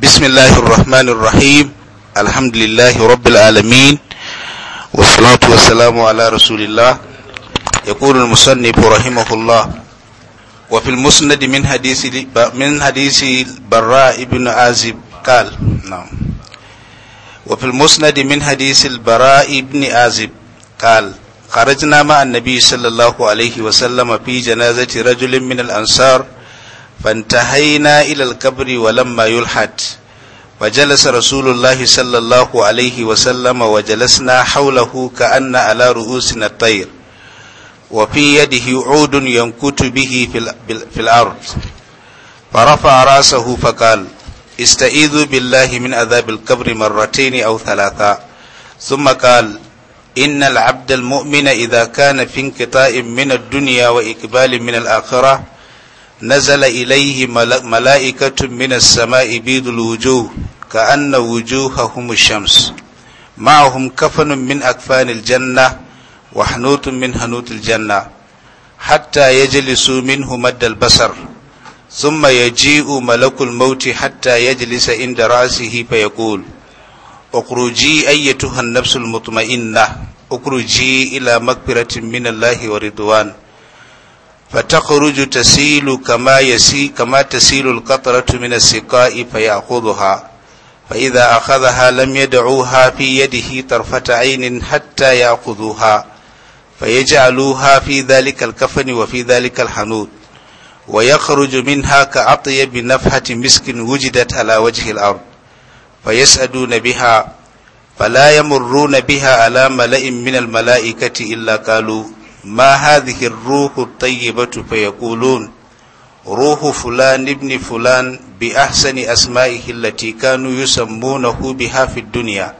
بسم الله الرحمن الرحيم الحمد لله رب العالمين والصلاة والسلام على رسول الله يقول المصنف رحمه الله وفي المسند من حديث من حديث البراء بن عازب قال نعم وفي المسند من حديث البراء بن عازب قال خرجنا مع النبي صلى الله عليه وسلم في جنازة رجل من الأنصار فانتهينا إلى القبر ولما يلحد وجلس رسول الله صلى الله عليه وسلم وجلسنا حوله كأن على رؤوسنا الطير وفي يده عود ينكت به في الأرض فرفع رأسه فقال استعيذوا بالله من عذاب القبر مرتين أو ثلاثة ثم قال إن العبد المؤمن إذا كان في انقطاع من الدنيا وإقبال من الآخرة نزل إليه ملائكة من السماء بيض الوجوه كأن وجوههم الشمس معهم كفن من أكفان الجنة وحنوت من هنوت الجنة حتى يجلسوا منه مد البصر ثم يجيء ملك الموت حتى يجلس عند رأسه فيقول اخرجي أيتها النفس المطمئنة اخرجي إلى مغفرة من الله ورضوان فتخرج تسيل كما يسي كما تسيل القطرة من السقاء فيأخذها فإذا أخذها لم يدعوها في يده طرفة عين حتى يأخذوها فيجعلوها في ذلك الكفن وفي ذلك الحنوت ويخرج منها كأطيب نفحة مسك وجدت على وجه الأرض فيسأدون بها فلا يمرون بها على ملئ من الملائكة إلا قالوا ما هذه الروح الطيبة فيقولون روح فلان ابن فلان بأحسن أسمائه التي كانوا يسمونه بها في الدنيا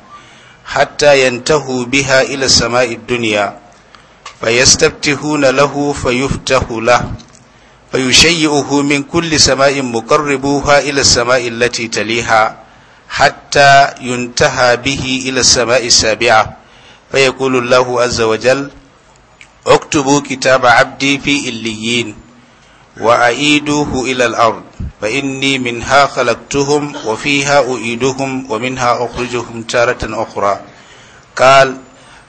حتى ينتهوا بها إلى السماء الدنيا فيستفتحون له فيفتح له فيشيئه من كل سماء مقربوها إلى السماء التي تليها حتى ينتهى به إلى السماء السابعة فيقول الله عز وجل اكتبوا كتاب عبدي في إليين وأعيدوه إلى الأرض فإني منها خلقتهم وفيها أعيدهم ومنها أخرجهم تارة أخرى قال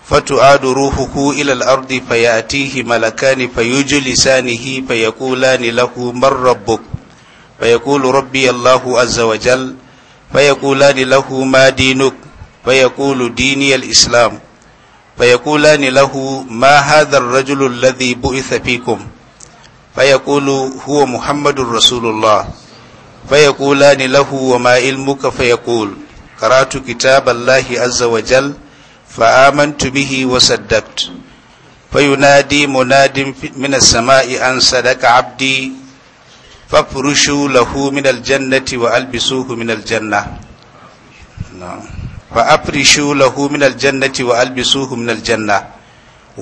فتعاد روحه إلى الأرض فيأتيه ملكان فيجلسانه فيقولان له من ربك فيقول ربي الله عز وجل فيقولان له ما دينك فيقول ديني الإسلام فيقولان له ما هذا الرجل الذي بعث فيكم فيقول هو محمد رسول الله فيقولان له وما علمك فيقول قرأت كتاب الله عز وجل فآمنت به وصدقت فينادي مناد من السماء أن صدق عبدي فافرشوا له من الجنة وألبسوه من الجنة نعم fa afrishu lahu min aljannati wa albisu min aljanna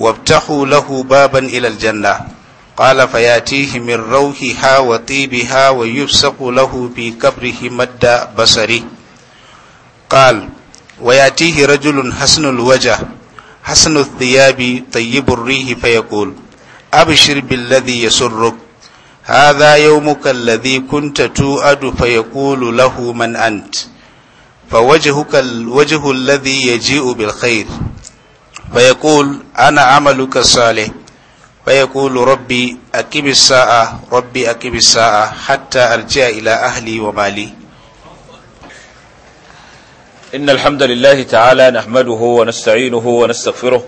wa lahu baban ilal janna. qala fayatihimin yatihi min rawhiha wa tibiha wa yufsaqu lahu fi qabrihi madda basari qal wa yatihi rajulun hasnul wajh hasnul thiyabi tayyibur rihi fa yaqul abshir billadhi yasurruk هذا يومك الذي كنت توعد فيقول له من أنت فوجهك الوجه الذي يجيء بالخير فيقول أنا عملك الصالح فيقول ربي أكب الساعة ربي أكب الساعة حتى أرجع إلى أهلي ومالي إن الحمد لله تعالى نحمده ونستعينه ونستغفره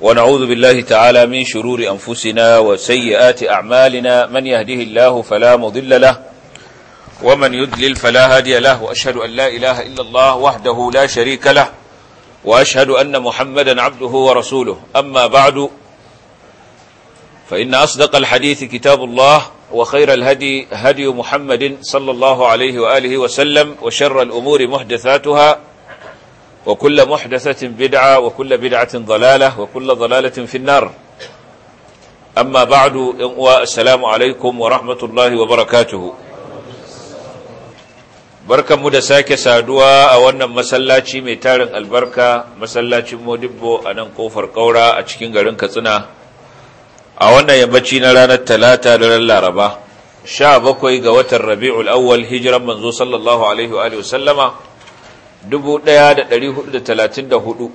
ونعوذ بالله تعالى من شرور أنفسنا وسيئات أعمالنا من يهده الله فلا مضل له ومن يدلل فلا هادي له وأشهد أن لا إله إلا الله وحده لا شريك له وأشهد أن محمدا عبده ورسوله أما بعد فإن أصدق الحديث كتاب الله وخير الهدي هدي محمد صلى الله عليه وآله وسلم وشر الأمور محدثاتها وكل محدثة بدعة وكل بدعة ضلالة وكل ضلالة في النار أما بعد السلام عليكم ورحمة الله وبركاته barkanmu da sake saduwa a wannan masallaci mai tarin albarka masallacin modibbo a nan kofar kaura a cikin garin katsina a wannan yammaci na ranar talata da ran laraba sha bakwai ga watan rabi'ul awwal hijiran manzo sallallahu alaihi wa alihi da 1434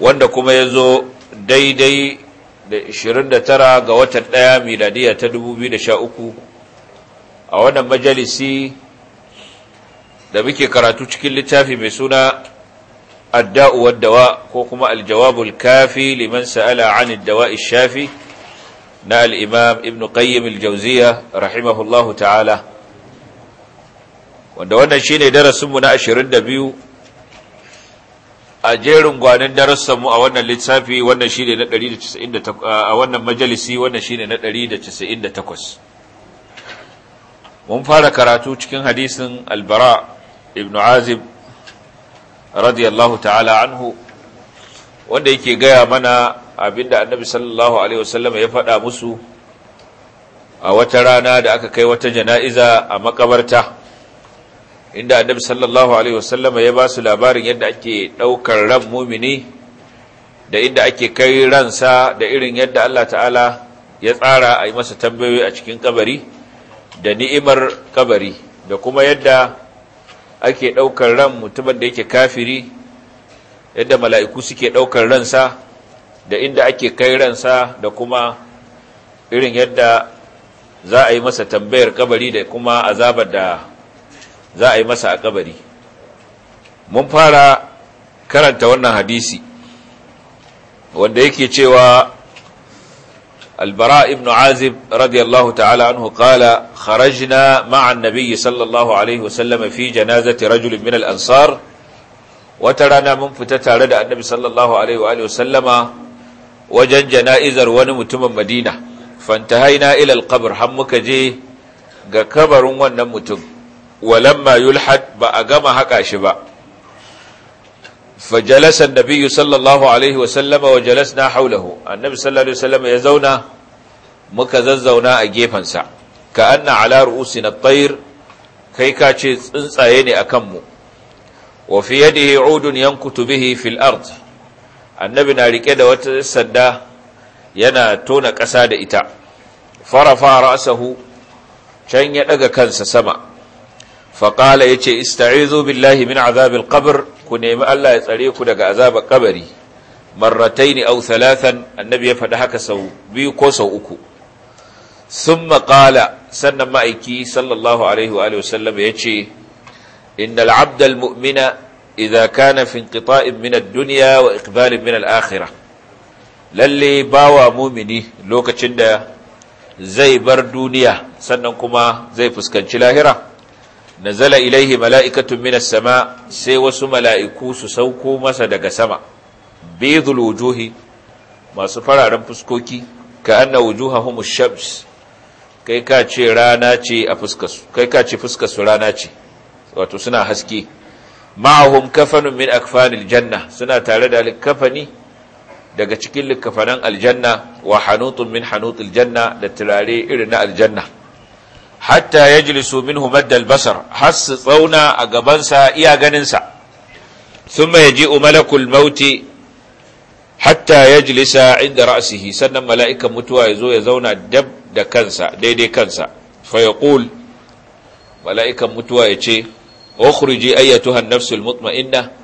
wanda kuma ya zo daidai da ishirin da tara ga watan 1 miladiya ta dubu biyu da sha uku, a wannan majalisi da muke karatu cikin littafi mai suna adda'u waddawa ko kuma aljawabul kafi liman sa'ala 'an ad ishafi na al ibn qayyim al-jawziya rahimahullahu ta'ala wanda wannan shi ne darasinmu na 22 a jerin gwanin darasinmu a wannan littafi wannan shi ne na 198 a wannan majalisi wannan shi ne na 198 mun fara karatu cikin hadisin albara ibn azib radiyallahu ta'ala anhu wanda yake gaya mana abinda annabi sallallahu alaihi wasallam ya faɗa musu a wata rana da aka kai wata jana'iza a makabarta inda annabi sallallahu alaihi wasallam ya ba su labarin yadda ake ɗaukar ran mumini da inda ake kai ransa da irin yadda Allah ta'ala ya tsara a yi masa tambayoyi a cikin kabari da ni'imar kabari da kuma yadda ake ɗaukar ran mutumin da yake kafiri yadda mala'iku suke ɗaukar ransa da inda ake kai ransa da kuma irin yadda za a yi masa tambayar kabari da kuma azabar da za a yi masa a kabari mun fara karanta wannan hadisi wanda yake cewa البراء بن عازب رضي الله تعالى عنه قال خرجنا مع النبي صلى الله عليه وسلم في جنازة رجل من الأنصار وترانا من فتتارد النبي صلى الله عليه وآله وسلم وجن جنائزر ونمتم مدينة فانتهينا إلى القبر حمك جي كبر ونمتم ولما يلحد بأقام حقاش بأ fajalasa nabiyyu sallallahu alaihi wasallama wa na haulahu annabi sallallahu alaihi wasallama ya zauna muka zazzauna a gefensa ka anna ala ru'usina na tayr kai ka ce tsuntsaye ne a mu wa fi yadihi udun yankutu bihi fil ard annabi na rike da wata sanda yana tona ƙasa da ita farafa ra'sahu can ya daga kansa sama faƙala ya ce ista'izu billahi min azabin ƙabar ku nemi Allah ya tsare ku daga azabar kabari marrataini au thalathan annabi ya faɗi haka sau biyu ko sau uku summa qala sannan ma'aiki sallallahu alaihi wa sallam ya ce inda abdal mu'mina idza kana fi inqita'in min ad-dunya wa iqbalin min al-akhirah lalle bawa mu'mini lokacin da zai bar duniya sannan kuma zai fuskanci lahira nazala ilaihi mala'ikatun minas sama sai wasu mala'iku su sauko masa daga sama bezul wujuhi masu fararen fuskoki ka anna humus shams kai ka ce rana ce a kai ka ce rana ce wato suna haske ma'ahum kafanin min akfanil janna suna tare da likafani daga cikin likafanan aljanna wa hanutun min hanutil janna da turare irin na aljanna hatta jilisu min maddal basar har su tsauna a gabansa iya ganinsa thumma yaji'u umalakul mauti hatta jilisa inda ra'asihi sannan mala'ikan mutuwa yazo ya zauna dab da kansa daidai kansa fa yaqul mala'ikan mutuwa ya ce ayyatuha ayyatuhan nafsul mutma'inna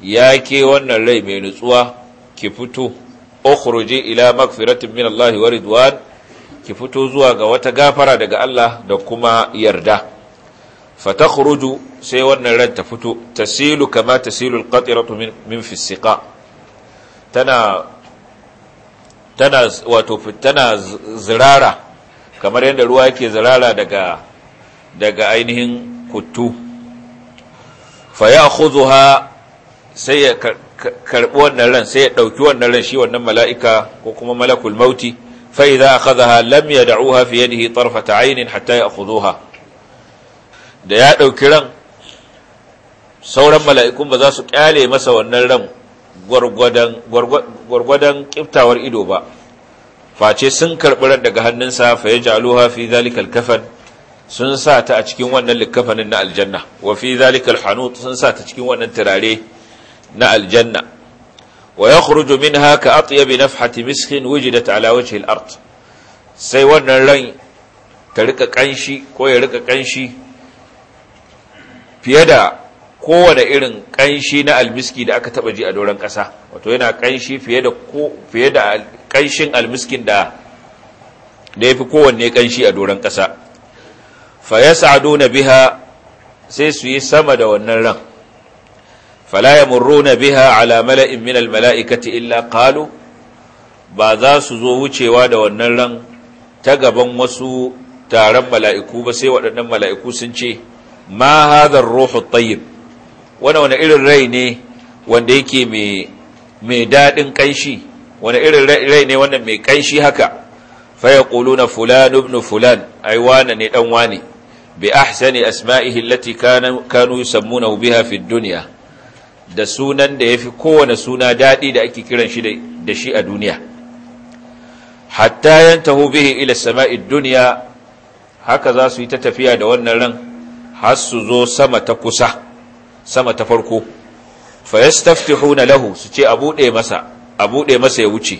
ya ke wannan rai mai nutsuwa ki fito ukhruji ila magfiratin min Allah wa ridwan ki fito zuwa ga wata gafara daga Allah da kuma yarda fatakhruju sai wannan ran ta fito tasilu kama tasilu alqatiratu min min fi tana tana wato tana zirara kamar yadda ruwa yake zirara daga daga ainihin kuttu fa ya'khudha sai ya karbi wannan ran sai ya dauki wannan ran shi wannan mala'ika ko kuma malakul mauti fa idza akhadhaha lam yad'uha fi yadihi tarfata 'aynin hatta ya'khudhuha da ya ɗauki ran sauran mala'ikun ba za su ƙyale masa wannan ran gwargwadon ƙiftawar ido ba face sun karɓi ran daga hannunsa fa ya jaluha fi zalikal kafan sun sa ta a cikin wannan likafanin na aljanna wa fi zalikal hannu sun sa ta cikin wannan turare na aljanna wa yakhruju minha ka atyab nafhati miskin wujidat ala wajhi al-ard sai wannan ran ta rika ƙanshi ko ya rika ƙanshi fiye da kowane irin ƙanshi na almiski da aka taɓa ji a doron ƙasa wato yana ƙanshi fiye da ƙanshin fiye da almiskin da ya fi kowanne ƙanshi a doron ƙasa fa na biha sai su yi sama da wannan ran fala yamurruna biha ala mala'in min mala'ikati illa qalu ba za su zo wucewa da wannan ran ta gaban wasu taron mala'iku ba sai waɗannan mala'iku sun ce ma ruhu tayyib wani wani irin rai ne wanda yake mai daɗin ƙanshi wani irin rai ne wannan mai ƙanshi haka faya na fulan ibn fulan ai wane ne ɗan wane bi ahsani asma'ihi allati kanu yusammunahu biha fi duniya? da sunan da ya fi kowane suna daɗi da ake kiran shi da shi a duniya hatta yantahu bihi ila sama'i duniya haka za su yi ta tafiya da wannan ran har su zo sama ta kusa sama ta farko fa yastaftihuna lahu su ce a buɗe masa a buɗe masa ya wuce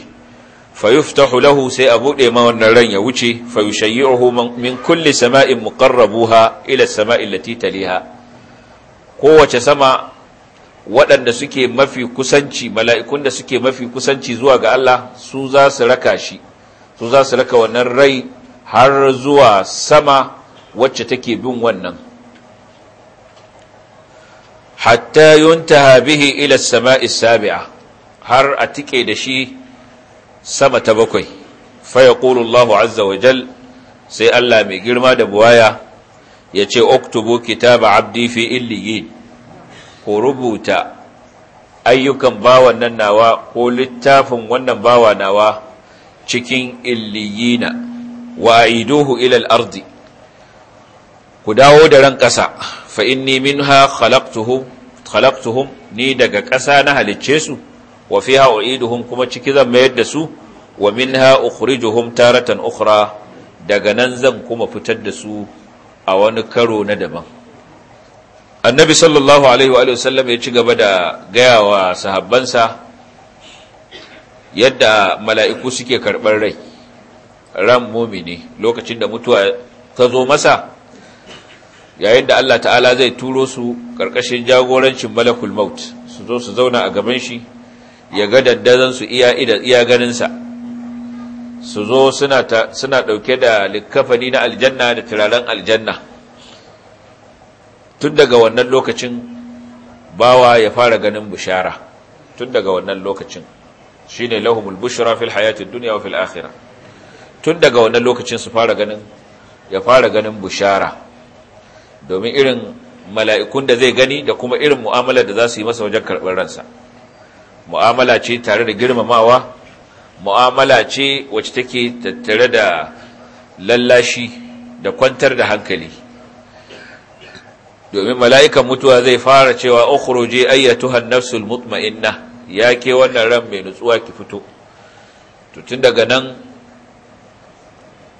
fa yuftahu lahu sai a buɗe ma wannan ran ya wuce fa yushayyi'uhu min kulli sama'in muqarrabuha ila sama'i allati taliha kowace sama waɗanda suke mafi kusanci mala'ikun da suke mafi kusanci zuwa ga Allah su za su raka shi su za su raka wannan rai har zuwa sama wacce take bin wannan hatta yuntaha bihi ila samai sabia har a tike da shi sama ta bakwai faya ƙulullahu azza wa jal sai Allah mai girma da buwaya ce uktubu kitaba abdi fi illiyin ku rubuta ayyukan bawan nan nawa ko littafin wannan bawa nawa cikin illiyina wa aiduhu ilal al-ardi ku dawo da ran ƙasa fa inni minha khalaqtuhum khalaqtuhum ni daga ƙasa na halicce su wa fiha uiduhum kuma ciki zan mayar da su wa minha ukhrijuhum taratan ukhra daga nan zan kuma fitar da su a wani karo na daban annabi sallallahu alaihi wa sallam ya ci gaba da gaya wa sahabbansa yadda mala'iku suke karɓar rai ran mumini lokacin da mutuwa ta zo masa yayin da Allah ta'ala zai turo su ƙarƙashin jagorancin malakul maut su zo su zauna a gaban shi ya ga dandazon su iya ganinsa su zo suna ɗauke da likafani na aljanna da turaren aljanna tun daga wannan lokacin bawa ya fara ganin bishara tun daga wannan lokacin shine lahumul bushra fil hayatid duniya wa fil akhirah tun daga wannan lokacin su fara ganin ya fara ganin bishara domin irin mala'ikun da zai gani da kuma irin mu'amala da za su yi masa wajen karɓar ransa mu'amala ce tare da girmamawa mu'amala ce wacce take tattare da lallashi da kwantar da hankali domin mala'ikan mutuwa zai fara cewa ukhruji ayyatuha nafsul mutma'inna ya ke wannan ran mai nutsuwa ki fito to tun daga nan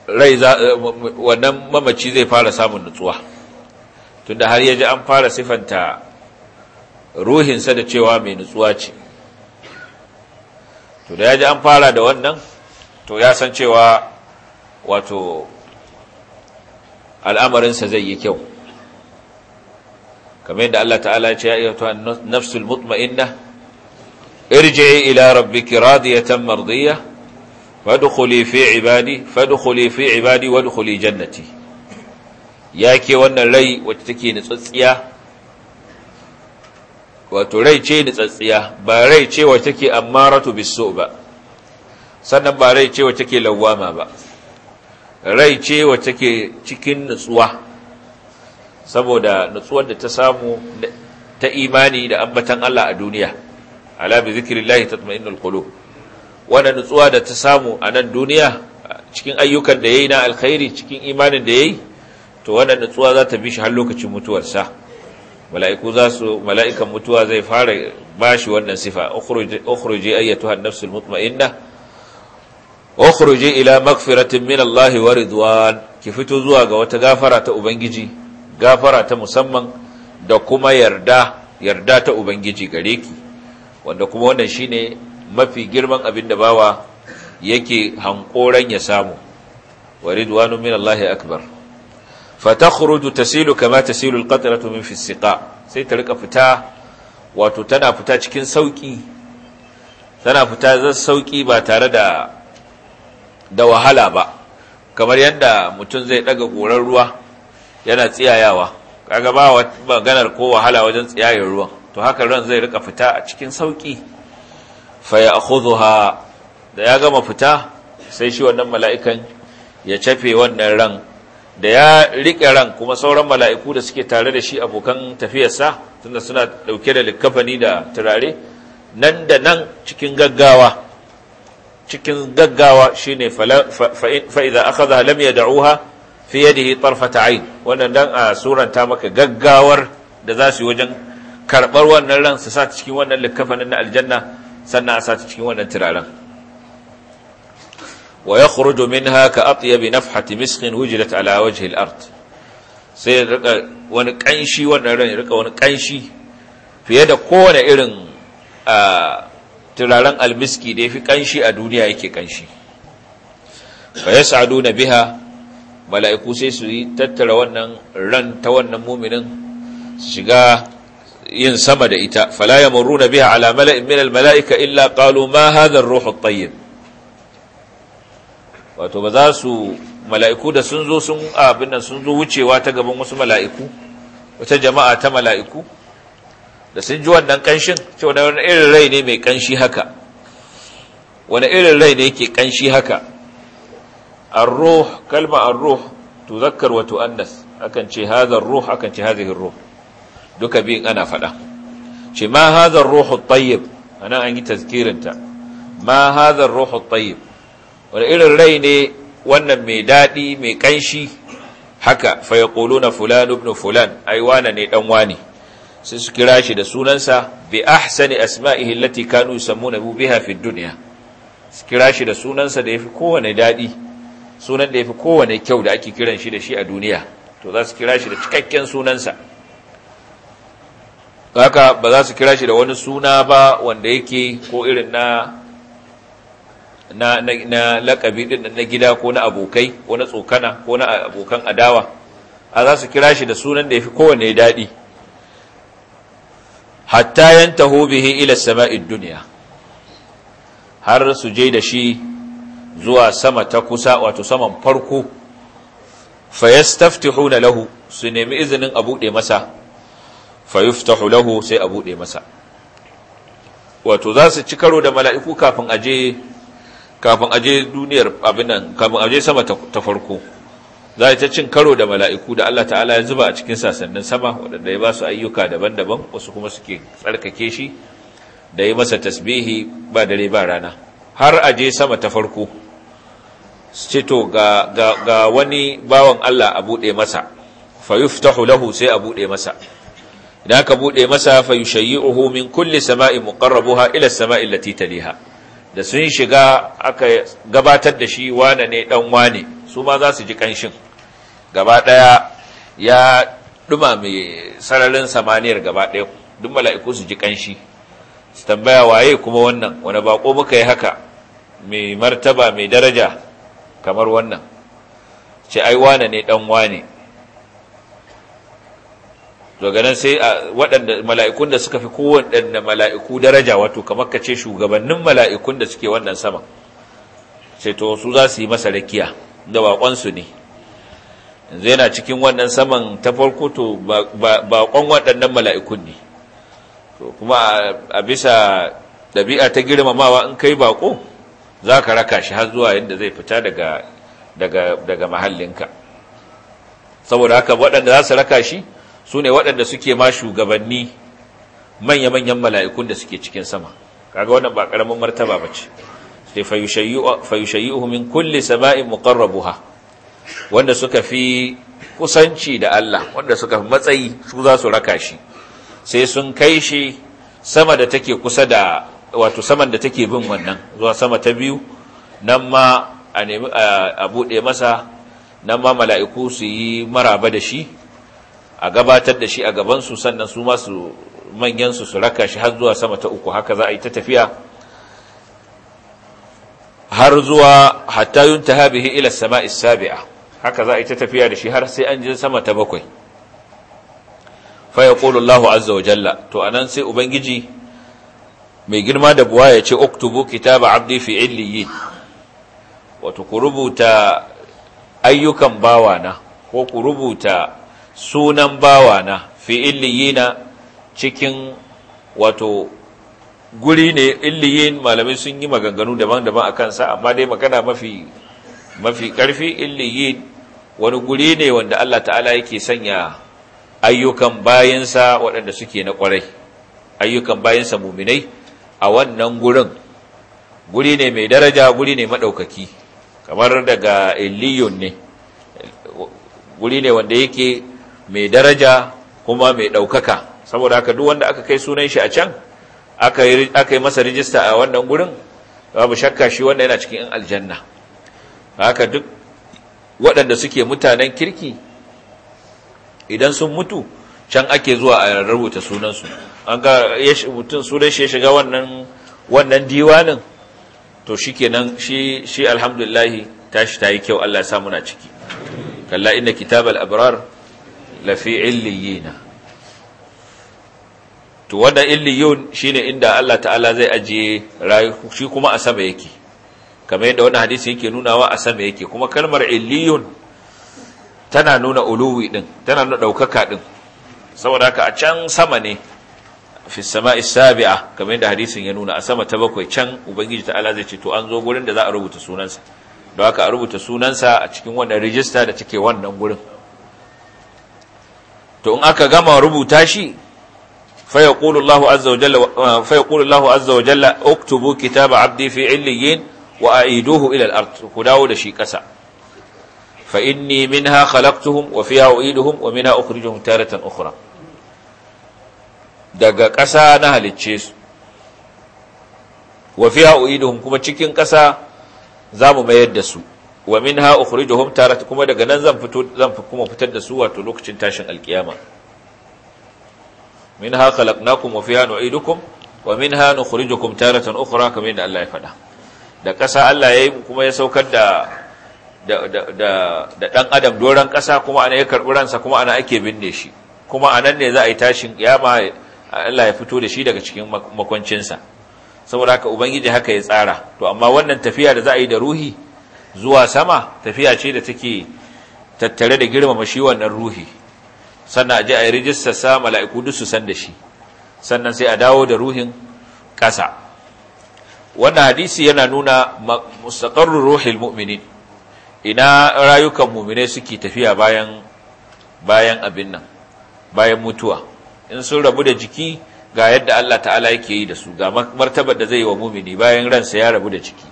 rai wannan mamaci zai fara samun nutsuwa tun da har yaji an fara sifanta ruhinsa da cewa mai nutsuwa ce to da yaji an fara da wannan to ya san cewa wato al'amarinsa zai yi kyau kamar yadda Allah ta'ala ya ce ya ayyatuha nafsul mutma'inna irji'i ila rabbiki radiyatan mardiyah fadkhuli fi ibadi fadkhuli fi ibadi wadkhuli jannati yake wannan rai wacce take nitsatsiya wato rai ce nitsatsiya ba rai ce wacce take ammaratu bisu ba sannan ba rai ce wacce take lawwama ba rai ce wacce take cikin nutsuwa saboda nutsuwar da ta samu ta imani da ambatan Allah a duniya ala bi zikrillahi tatma'innul qulub wannan nutsuwa da ta samu a nan duniya cikin ayyukan da yayi na alkhairi cikin imanin da yayi to wannan nutsuwa za ta bi shi har lokacin mutuwarsa mala'iku za su mala'ikan mutuwa zai fara bashi wannan sifa ukhruji ayyatuhan nafsul mutma'inna ukhruji ila maghfiratin min Allah wa ridwan ki fito zuwa ga wata gafara ta ubangiji gafara ta musamman da kuma yarda yarda ta ubangiji gare ki wanda kuma wannan shine mafi girman abin da bawa yake hankoran ya samu wa ridwanu min Allah akbar fatakhruju tasilu kama tasilu alqatratu min fi siqa sai ta rika fita wato tana fita cikin sauki tana fita zan sauki ba tare da da wahala ba kamar yadda mutum zai daga goran ruwa yana tsiyayawa kaga ba maganar ko wahala wajen tsiyayar ruwan to haka ran zai rika fita a cikin sauki fa ya'khudha da ya gama fita sai shi wannan mala'ikan ya cafe wannan ran da ya rike ran kuma sauran mala'iku da suke tare da shi abokan tafiyarsa tunda suna dauke da likafani da turare nan da nan cikin gaggawa cikin gaggawa shine fa idza akhadha lam yad'uha fi yadihi tarfata ayn wannan dan a suranta maka gaggawar da za su yi wajen karɓar wannan ran su sa cikin wannan likafanin na aljanna sannan a sa cikin wannan turaren wa yakhruju ya bi na nafhati miskin wujidat ala wajhi al-ard sai rika wani kanshi wannan ran rika wani kanshi fiye da kowane irin turaren almiski da ya fi kanshi a duniya yake kanshi fa yas'aduna biha mala'iku sai su yi tattara wannan ran ta wannan muminin shiga yin sama da ita fala yamurruna biha ala mala'in min almala'ika illa qalu ma hadha ar-ruhu at wato ba za su mala'iku da sun zo sun abin nan sun zo wucewa ta gaban wasu mala'iku wata jama'a ta mala'iku da sun ji wannan ƙanshin? cewa wani irin rai ne mai ƙanshi haka wani irin rai ne yake ƙanshi haka ar-ruh kalma ar-ruh tuzakkar wa tu'annas akan ce hadha ar-ruh akan ce hadhihi ruh duka biyin ana fada ce ma hadha ar-ruh at-tayyib ana an yi tazkirinta ma hadha ar-ruh wani irin rai ne wannan mai daɗi mai kanshi haka fa yaquluna fulan ibn fulan ai wana ne dan wani sai su kira shi da sunansa bi ahsani asma'ihi allati kanu yusammuna biha fi ad-dunya su kira shi da sunansa da yafi kowane daɗi. sunan da ya fi kowane kyau da ake kiran shi da shi a duniya to za su kira shi da cikakken sunansa haka ba za su kira shi da wani suna ba wanda yake ko irin na na na lakabi din na gida ko na abokai ko na tsokana ko na abokan adawa a za su kira shi da sunan da ya fi kowane daɗi hatta yantahu bihi ila sama'id duniya. har su je da shi zuwa sama ta kusa wato saman farko fayastaftihuna lahu su nemi izinin a buɗe masa fayuftahu lahu sai a buɗe masa wato za su ci karo da mala'iku kafin aje kafin aje duniyar abin nan kafin aje sama ta farko za ta cin karo da mala'iku da Allah ta'ala ya zuba a cikin sasannin sama waɗanda ya ba su ayyuka daban-daban wasu kuma suke tsarkake shi da yi masa tasbihi ba dare ba rana har aje sama ta farko Sito, to ga wani bawan Allah a buɗe masa fa lahu sai a buɗe masa idan aka buɗe masa fa yushayyi'uhu min kulli sama'i muqarrabuha ila sama'i allati taliha da sun shiga aka gabatar da shi wane ne dan wane su ma za su ji kanshin gaba daya ya duma mai sararin samaniyar gaba daya duk mala'iku su ji kanshi su tambaya waye kuma wannan wani bako muka yi haka mai martaba mai daraja kamar wannan ce ai wane ne dan wane daga nan sai waɗanda mala'ikun da suka fi kowanne mala'iku daraja wato kamar ka ce shugabannin mala'ikun da suke wannan sama sai to su za su yi masa rakiya da baƙonsu ne yanzu yana cikin wannan saman ta farko to baƙon waɗannan mala'ikun ne to kuma a bisa ɗabi'a ta girmamawa in kai baƙo za ka raka shi har zuwa yadda zai fita daga daga daga mahallinka saboda haka waɗanda za su raka shi su ne waɗanda suke ma shugabanni manya-manyan mala'ikun da suke cikin sama kaga wannan ba ƙaramin martaba ba ce sai fayushayyi'uhu min kulle sama'in muqarrabuha wanda suka fi kusanci da Allah wanda suka fi matsayi su za su raka shi sai sun kai shi sama da take kusa da wato saman da take bin wannan zuwa sama ta biyu nan ma a nemi a buɗe masa nan ma mala'iku su yi maraba da shi a gabatar da shi a gabansu sannan su masu manyansu su raka shi har zuwa sama ta uku haka za a yi ta tafiya har zuwa hatta yuntaha ila samai sabia haka za a yi ta tafiya da shi har sai an je sama ta bakwai fa yaqulu Allahu azza wa jalla to anan sai ubangiji mai girma da buwa ya ce oktubu kitaba abdi fi illiyi wato ku rubuta ayyukan bawana ko ku rubuta sunan bawana fi na, cikin wato guri ne illiyin malamai sun yi maganganu daban-daban a kansa amma dai magana mafi mafi karfi illiyin wani guri ne wanda Allah ta'ala yake sanya ayyukan bayansa waɗanda suke na ƙwarai ayyukan bayansa muminai a wannan gurin guri ne mai daraja guri ne maɗaukaki kamar daga illiyun ne guri ne wanda yake mai daraja kuma mai ɗaukaka saboda haka duk wanda aka kai sunan shi a can aka yi masa rijista a wannan gurin babu shakka shi wanda yana cikin aljanna haka duk waɗanda suke mutanen kirki idan sun mutu can ake zuwa a rubuta sunansu an ga mutum sunan shi ya shiga wannan wannan diwanin to shikenan shi shi alhamdulillah tashi tayi kyau Allah ya sa muna ciki kalla inna al abrar lafi illiyina to wanda illiyun shine inda Allah ta'ala zai ajiye shi kuma a sama yake kamar yadda wannan hadisi yake nunawa a sama yake kuma kalmar illiyun tana nuna uluwi din tana nuna daukaka din saboda haka a can sama ne fi sama'i sabi'a kamar yadda hadisin ya nuna a sama ta bakwai can ubangiji ta'ala zai ce to an zo gurin da za a rubuta sunansa don haka a rubuta sunansa a cikin wannan rijista da take wannan gurin to in aka gama rubuta shi fa yaqulu Allahu azza wa jalla fa yaqulu Allahu azza wa jalla uktubu kitaba abdi fi illiyin wa aiduhu ila al-ard ku dawo da shi kasa fa inni minha khalaqtuhum wa fiha u'iduhum wa minha ukhrijuhum taratan ukhra daga ƙasa na halicce su wa fiha u'iduhum kuma cikin ƙasa zamu mayar da su wa minha ukhrijuhum taratan kuma daga nan zan fito fitar da su wato lokacin tashin alkiyama minha khalaqnakum wa fiha wa faɗa da ƙasa Allah ya yi kuma ya saukar da da ɗan adam doron ƙasa kuma ana ya karɓi ransa kuma ana ake binne shi kuma a nan ne za a yi tashin ƙiyama Allah ya fito da shi daga cikin makwancinsa saboda haka ubangiji haka ya tsara to amma wannan tafiya da za a yi da ruhi zuwa sama tafiya ce da take tattare da girmama shi wannan ruhi sannan a je a yi rijistar sa mala'iku duk su san da shi sannan sai a dawo da ruhin ƙasa wannan hadisi yana nuna mustaqarrur ruhil mu'minin ina rayukan muminai suke tafiya bayan bayan abin nan bayan mutuwa in sun rabu da jiki ga yadda Allah ta'ala yake yi da su ga martabar da zai yi wa mumini bayan ransa ya rabu da jiki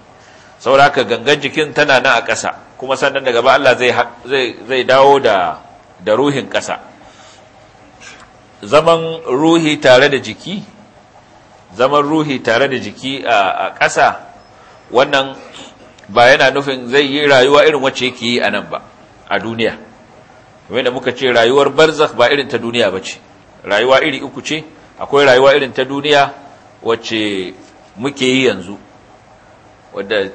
sauraka gangan jikin tana nan a ƙasa kuma sannan daga ba Allah zai zai dawo da da ruhin ƙasa zaman ruhi tare da jiki zaman ruhi tare da jiki a ƙasa wannan ba yana nufin zai yi rayuwa irin wacce yake yi a nan ba a duniya wanda da muka ce rayuwar Barzak ba irin ta duniya ba ce rayuwa iri uku ce akwai rayuwa irin ta duniya wacce muke yi yanzu wadda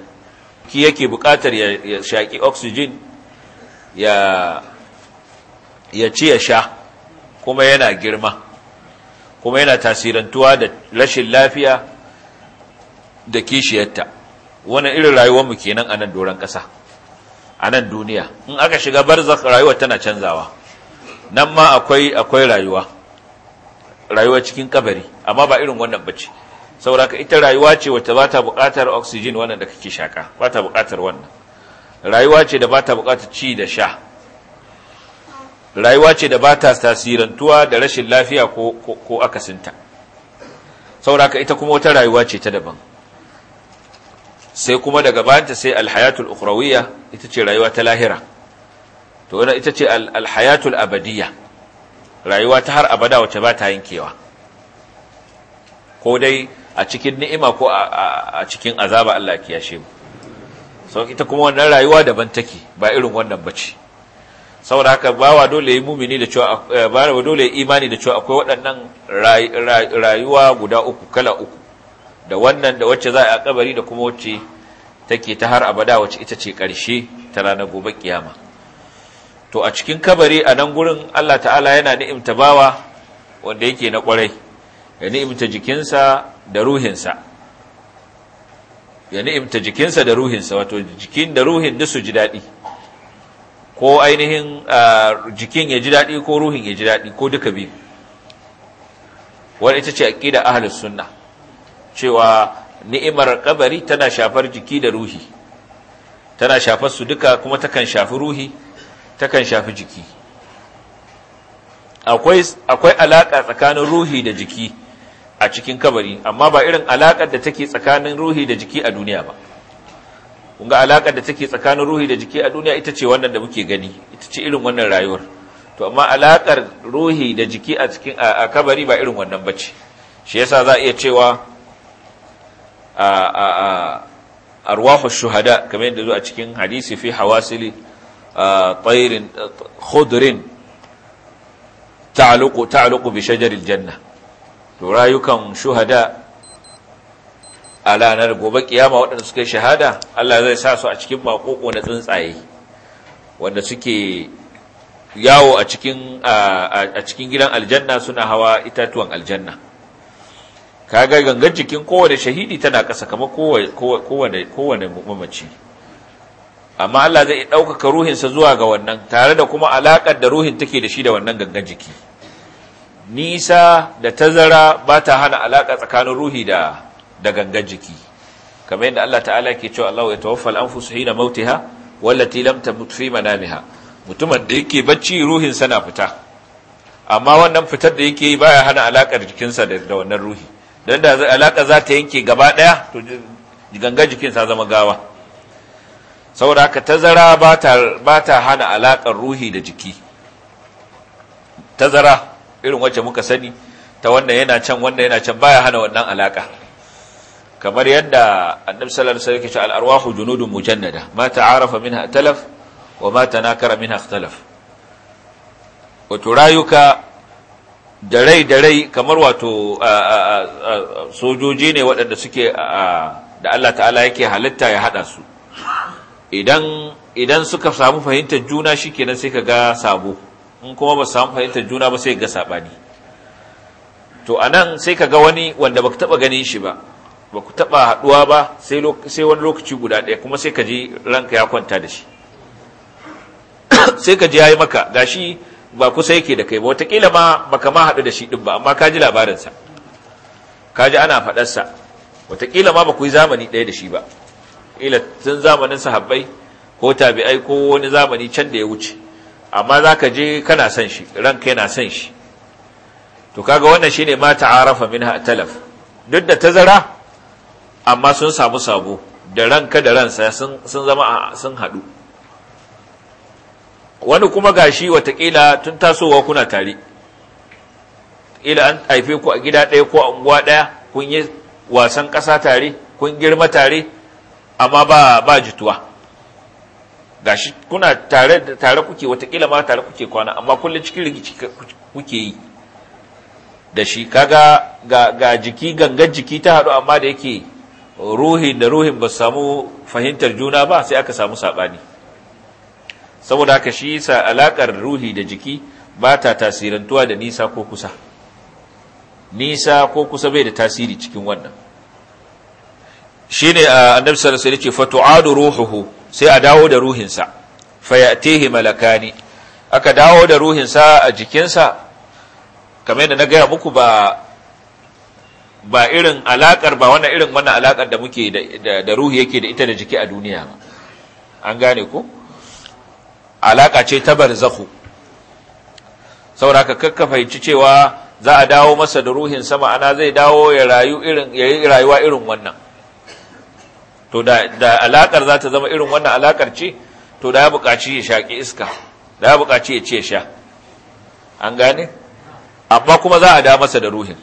ki yake buƙatar ya shaƙi oxygen ya ci ya sha kuma yana girma kuma yana tasirantuwa da rashin lafiya da kishiyarta wani irin rayuwarmu kenan a nan doron ƙasa a nan duniya in aka shiga barzak rayuwa tana canzawa nan ma akwai akwai rayuwa rayuwa cikin kabari amma ba irin wannan bace saboda ita rayuwa ce wata ba ta buƙatar oxygen wannan da kake shaka ba ta buƙatar wannan rayuwa ce da ba ta buƙatar ci da sha rayuwa ce da ba ta tasirantuwa da rashin lafiya ko akasinta ka ita kuma wata rayuwa ce ta daban sai kuma daga bayanta sai alhayatul ukhrawiyya ita ce rayuwa ta lahira to wannan ita ce alhayatul abadiyya rayuwa ta har abada wacce ba ta yankewa ko dai a cikin ni'ima ko a cikin azaba Allah ya kiyashe mu sau ita kuma wannan rayuwa daban take ba irin wannan bace saboda haka bawa dole yi mumini da cewa eh, bawa dole imani da cewa akwai waɗannan rayuwa guda uku kala uku da wannan da wacce za a yi a kabari da kuma wacce take ta har abada wacce ita ce ƙarshe ta ranar gobe kiyama to a cikin kabari a nan gurin Allah ta'ala yana ni'imta bawa wanda yake na ƙwarai ya ni'imta jikinsa da ruhinsa ya ni'imta jikinsa da ruhinsa wato jikin da ruhin duk su ji daɗi ko ainihin jikin ya ji daɗi ko ruhin ya ji daɗi ko duka biyu wani ita ce aƙida ahalus sunna cewa ni'imar kabari tana shafar jiki da ruhi tana shafar su duka kuma takan shafi ruhi takan shafi jiki akwai akwai alaka tsakanin ruhi da jiki a cikin kabari amma ba irin alakar da take tsakanin ruhi da jiki a duniya ba kun ga alakar da take tsakanin ruhi da jiki a duniya ita ce wannan da muke gani ita ce irin wannan rayuwar to amma alakar ruhi da jiki a cikin a kabari ba irin wannan bace shi yasa za a iya cewa arwahu shuhada kamar yadda zo a cikin hadisi fi hawasili tayrin khudrin ta'aluqu ta'aluqu bi shajaril janna to rayukan shuhada ala ranar gobe kiyama waɗanda suke shahada Allah zai sa su a cikin makoko na tsuntsaye wanda suke yawo a cikin a cikin gidan aljanna suna hawa itatuwan aljanna Ka ga gangan jikin kowane shahidi tana ƙasa kamar kowane kowane mamaci amma Allah zai ɗaukaka ruhinsa zuwa ga wannan tare da kuma alaƙar da ruhin take da shi da wannan gangan jiki nisa da tazara ba ta hana alaƙa tsakanin ruhi da da gangan jiki kamar yadda Allah ta'ala ke cewa Allah ya tawaffa al-anfusu hina mautiha wallati lam tamut fi manamiha mutumin da yake bacci ruhinsa na fita amma wannan fitar da yake yi baya hana alakar jikinsa da wannan ruhi don da alaƙa za ta yanke gaba ɗaya to ganga jikin ta zama gawa saboda haka tazara ba ta hana alaƙar ruhi da jiki tazara irin wacce muka sani ta wannan yana can wannan yana can baya hana wannan alaƙa kamar yadda annabi sallallahu alaihi wasallam yake cewa al-arwahu junudun mujannada ma ta'arafa minha talaf wa ma tanakara minha ikhtalaf wato rayuka da rai da rai kamar wato sojoji ne waɗanda suke da Allah ta'ala yake halitta ya haɗa su idan suka samu fahimtar juna shi kenan sai ka ga sabo in kuma ba samu fahimtar juna ba sai ga saɓani to a nan sai ka ga wani wanda ba ku taɓa ganin shi ba ba ku taɓa haɗuwa ba sai wani lokaci guda ɗaya kuma sai ka ji ranka ya kwanta da shi sai ka ji ya yi maka gashi ba kusa yake da kai ba wataƙila ma baka ma haɗu da shi din ba amma ka ji labarinsa ka ji ana faɗarsa wataƙila ma ba ku yi zamani ɗaya da shi ba ƙila tun zamanin sahabbai ko tabi'ai ko wani zamani can da ya wuce amma za ka je kana san shi ranka yana san shi to kaga wannan shine ma ta'arafa min talaf duk da tazara amma sun samu sabo da ranka da ransa sun zama sun haɗu wani kuma gashi watakila tun tasowa kuna tare ila an haife ku a gida ɗaya ko a unguwa ɗaya kun yi wasan ƙasa tare kun girma tare amma ba ba jituwa gashi kuna tare da tare kuke watakila ma tare kuke kwana amma kullum cikin rikici kuke yi da shi kaga ga, ga jiki gangan jiki ta haɗu amma da yake ruhin da ruhin ba samu fahimtar juna ba sai aka samu saɓani saboda haka shi yasa alakar ruhi da jiki ba ta tasirantuwa da nisa ko kusa nisa ko kusa bai da tasiri cikin wannan shine ah, annabi sallallahu alaihi wasallam ce fatu'adu ruhuhu sai a dawo da ruhinsa fayatihi malakani aka dawo da ruhinsa a jikinsa kamar yadda na gaya muku ba ba irin alakar ba wannan irin wannan alakar da muke da ruhi yake da ita da jiki a duniya an gane ko alaka ce ta barzakhu sauraka ka kakka fahimci cewa za a dawo masa da ruhin sama ana zai dawo ya rayu irin ya yi rayuwa irin wannan to da da alakar za ta zama irin wannan alakar ce to da ya buƙaci ya shaƙi iska da ya buƙaci ya ce sha an gane amma kuma za a dawo masa da ruhin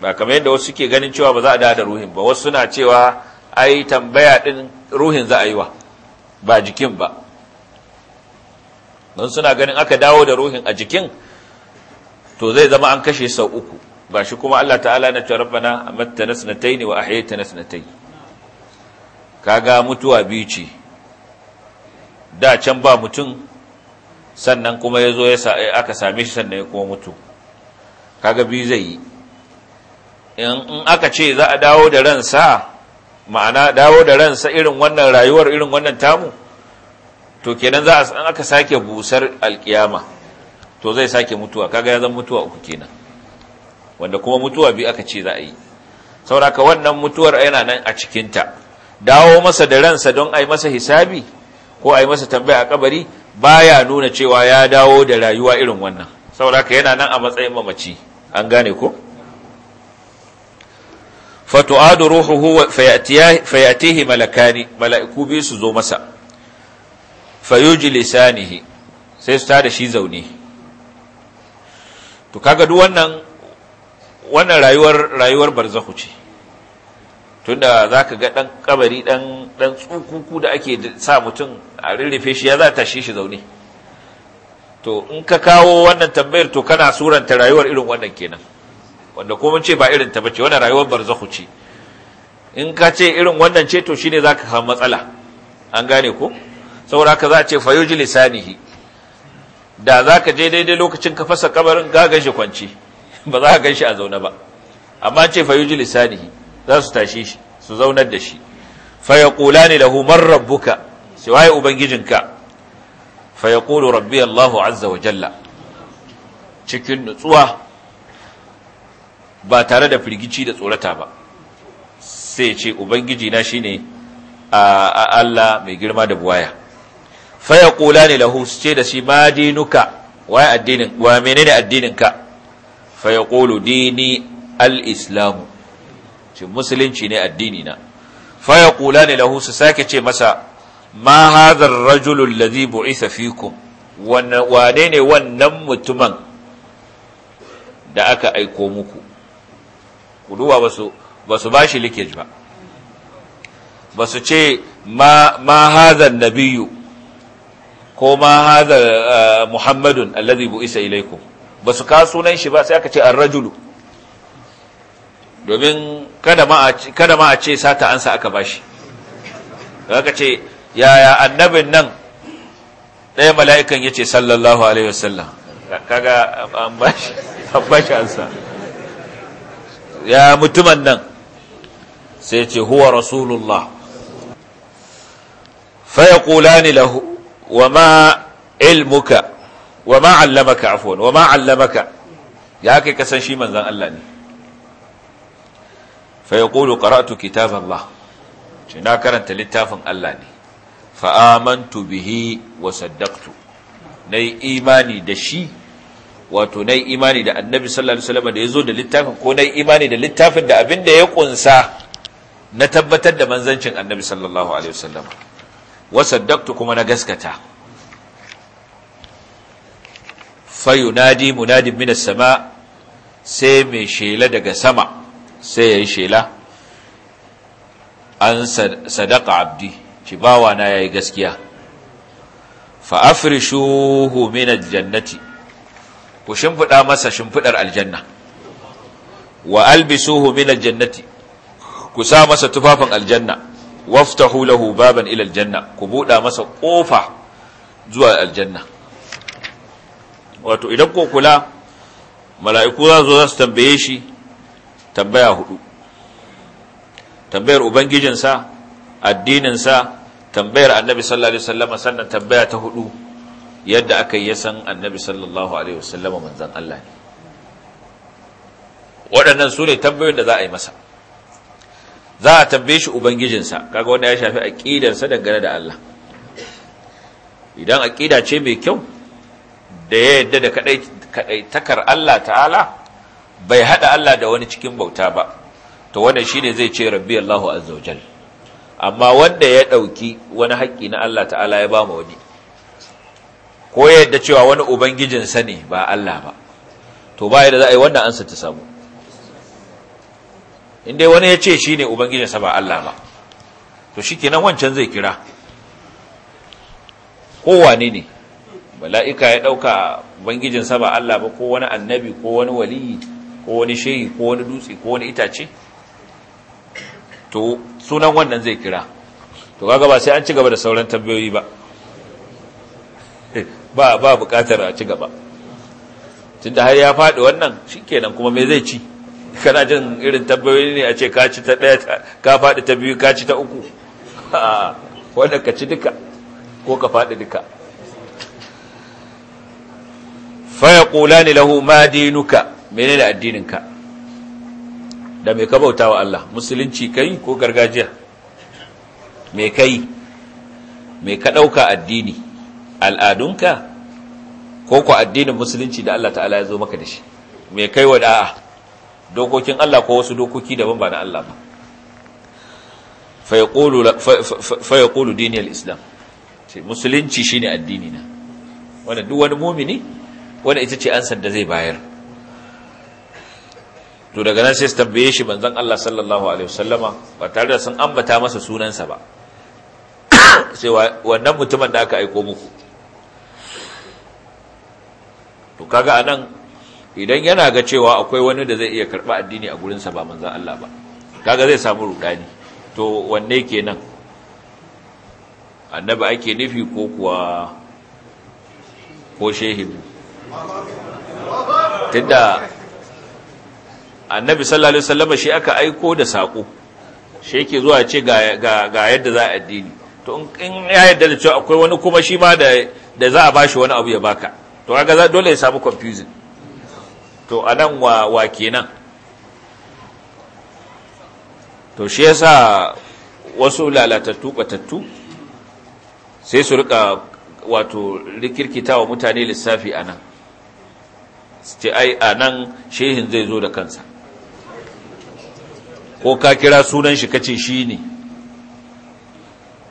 ba kamar yadda wasu suke ganin cewa ba za a dawo da ruhin ba wasu suna cewa ai tambaya din ruhin za a yi wa ba jikin ba don suna ganin aka dawo da ruhin a jikin to zai zama an kashe sau uku ba shi kuma Allah ta'ala na ce rabbana amatta na ne wa ahayyata na sinatai kaga mutuwa biyu ce da can ba mutum sannan kuma ya zo aka same shi sannan ya kuma mutu kaga biyu zai yi in aka ce za a dawo da ransa ma'ana dawo da ransa irin wannan rayuwar irin wannan tamu to kenan za a aka sake busar alkiyama to zai sake mutuwa kaga ya zan mutuwa uku kenan wanda kuma mutuwa biyu aka ce za a yi sauraka wannan mutuwar yana nan a cikinta dawo masa da ransa don a yi masa hisabi ko a yi masa tambaya a kabari baya nuna cewa ya dawo da rayuwa irin wannan sauraka yana nan a matsayin mamaci an gane ko fatu'adu ruhuhu fayatihi malakani mala'iku biyu su zo masa fayuji lisanihi sai su tada shi zaune to kaga duk wannan wannan rayuwar rayuwar barzahu ce tunda zaka ga dan kabari dan dan tsukuku da ake sa mutum a rirrife shi ya za ta shi shi zaune to in ka kawo wannan tambayar to kana suranta rayuwar irin wannan kenan wanda ko mun ce ba irin ta bace wannan rayuwar barzahu ce in ka ce irin wannan ce to shine zaka kawo matsala an gane ko saboda ka za a ce fayoji lisanihi da za ka je daidai lokacin ka fasa kabarin ga ganshi kwanci ba za ka ganshi a zaune ba amma ce fayoji lisanihi za su tashe shi su zaunar da shi kula ne da humar rabbuka sai waye ubangijinka fayaqulu rabbi Allahu azza wa jalla cikin nutsuwa ba tare da firgici da tsorata ba sai ce ubangiji na shine a Allah mai girma da buwaya Faya yaqulani lahu su ce da shi ma dinuka wa addinin wa menene addinin ka Faya kulu. dini al ce musulunci ne addini na kula ne lahu su sake ce masa ma rajulun ar-rajulu alladhi bu'itha wane ne wannan mutumin da aka aiko muku kuduwa ba su ba shi likage ba ba su ce ma hazan nabiyu ko ma hadha eh, muhammadun alladhi bu'isa Ba su ka sunan shi ba sai aka ce ar-rajulu domin kada ma a ce sata ansa aka bashi aka ce yaya annabin nan ɗaya mala'ikan ya ce sallallahu alaihi wasallam kaga an bashi an bashi ansa ya mutumin nan sai ce huwa rasulullah fa yaqulani lahu wa ma ilmuka wa allamaka afwan wa allamaka ya kai kasan shi manzon Allah ne fa yaqulu qara'tu kitab Allah shi na karanta littafin Allah ne fa amantu bihi wa saddaqtu nayi imani da shi wato nayi imani da annabi sallallahu alaihi wasallam da yazo da littafin ko nayi imani da littafin da abin da ya kunsa na tabbatar da manzancin annabi sallallahu alaihi wasallam wa kuma na gaskata fayunadi munadin minas sama sai mai shela daga sama sai yayi shela an sadaqa abdi ci bawa na yayi gaskiya fa afrishuhu min jannati, ku shimfida masa shimfidar aljanna wa albisuhu min jannati, ku sa masa tufafin aljanna waftahu lahu baban ila aljanna ku buɗa masa ƙofa zuwa aljanna wato idan ko kula mala'iku za zo za su tambaye shi tambaya hudu tambayar ubangijinsa addininsa tambayar annabi sallallahu alaihi wasallam sannan tambaya ta hudu yadda aka yi san annabi sallallahu alaihi wasallam manzon Allah ne waɗannan su ne tambayoyin da za a yi masa za a tambaye shi ubangijinsa kaga wanda ya shafi aƙidarsa dangane da Allah idan aƙida ce mai kyau da ya yadda da kaɗai takar Allah ta'ala bai haɗa Allah da wani cikin bauta ba to shi ne zai ce rabbi Allahu azzawajal amma wanda ya ɗauki wani haƙƙi na Allah ta'ala ya ba wani ko ya yadda cewa wani ubangijinsa ne ba Allah ba to ba yadda za a yi wannan ansa ta samu in dai wani ya ce shi ne ubangijinsa ba Allah ba to shi kenan wancan zai kira kowane ne mala'ika ya ɗauka ubangijinsa ba Allah ba ko wani annabi ko wani waliyi ko wani shehi ko wani dutse ko wani itace to sunan wannan zai kira to kaga ba sai an ci gaba da sauran tambayoyi ba ba ba bukatar a ci gaba tunda har ya faɗi wannan shikenan kuma me zai ci kana jin irin tabbayoyi ne a ce ka ci ta ɗaya ka faɗi ta biyu ka ci ta uku wanda ka ci duka ko ka faɗi duka faya ƙula ne lahu ma dinuka mene da addininka da mai kabauta wa Allah musulunci kai ko gargajiya mai kai mai ka ɗauka addini al'adunka ko ku addinin musulunci da Allah ta'ala ya zo maka da shi mai kai wa da'a dokokin Allah ko wasu dokoki daban ba na Allah ba fa yaqulu dinul islam ce musulunci shine addini na wanda duk wani mumini wanda ita ce ansar da zai bayar to daga nan sai su tambaye shi manzon Allah sallallahu alaihi wasallama ba tare da sun ambata masa sunansa ba sai wannan mutumin da aka aiko muku to kaga anan idan yana ga cewa akwai wani da zai iya karɓa addini a gurinsa ba manzan Allah ba kaga zai samu rudani to wanne kenan annabi ake nufi ko kuwa ko shehin tunda annabi sallallahu alaihi wasallam shi aka aiko da sako shi yake zuwa ce ga ga yadda za a addini to in ya yadda da cewa akwai wani kuma shi ma da da za a bashi wani abu ya baka to kaga dole ya samu confusing to anan wa wa kenan to shi yasa wasu lalatattu batattu sai su rika wato wa mutane lissafi a anan ce ai nan shehin zai zo da kansa ko ka kira sunan shi kace shi ne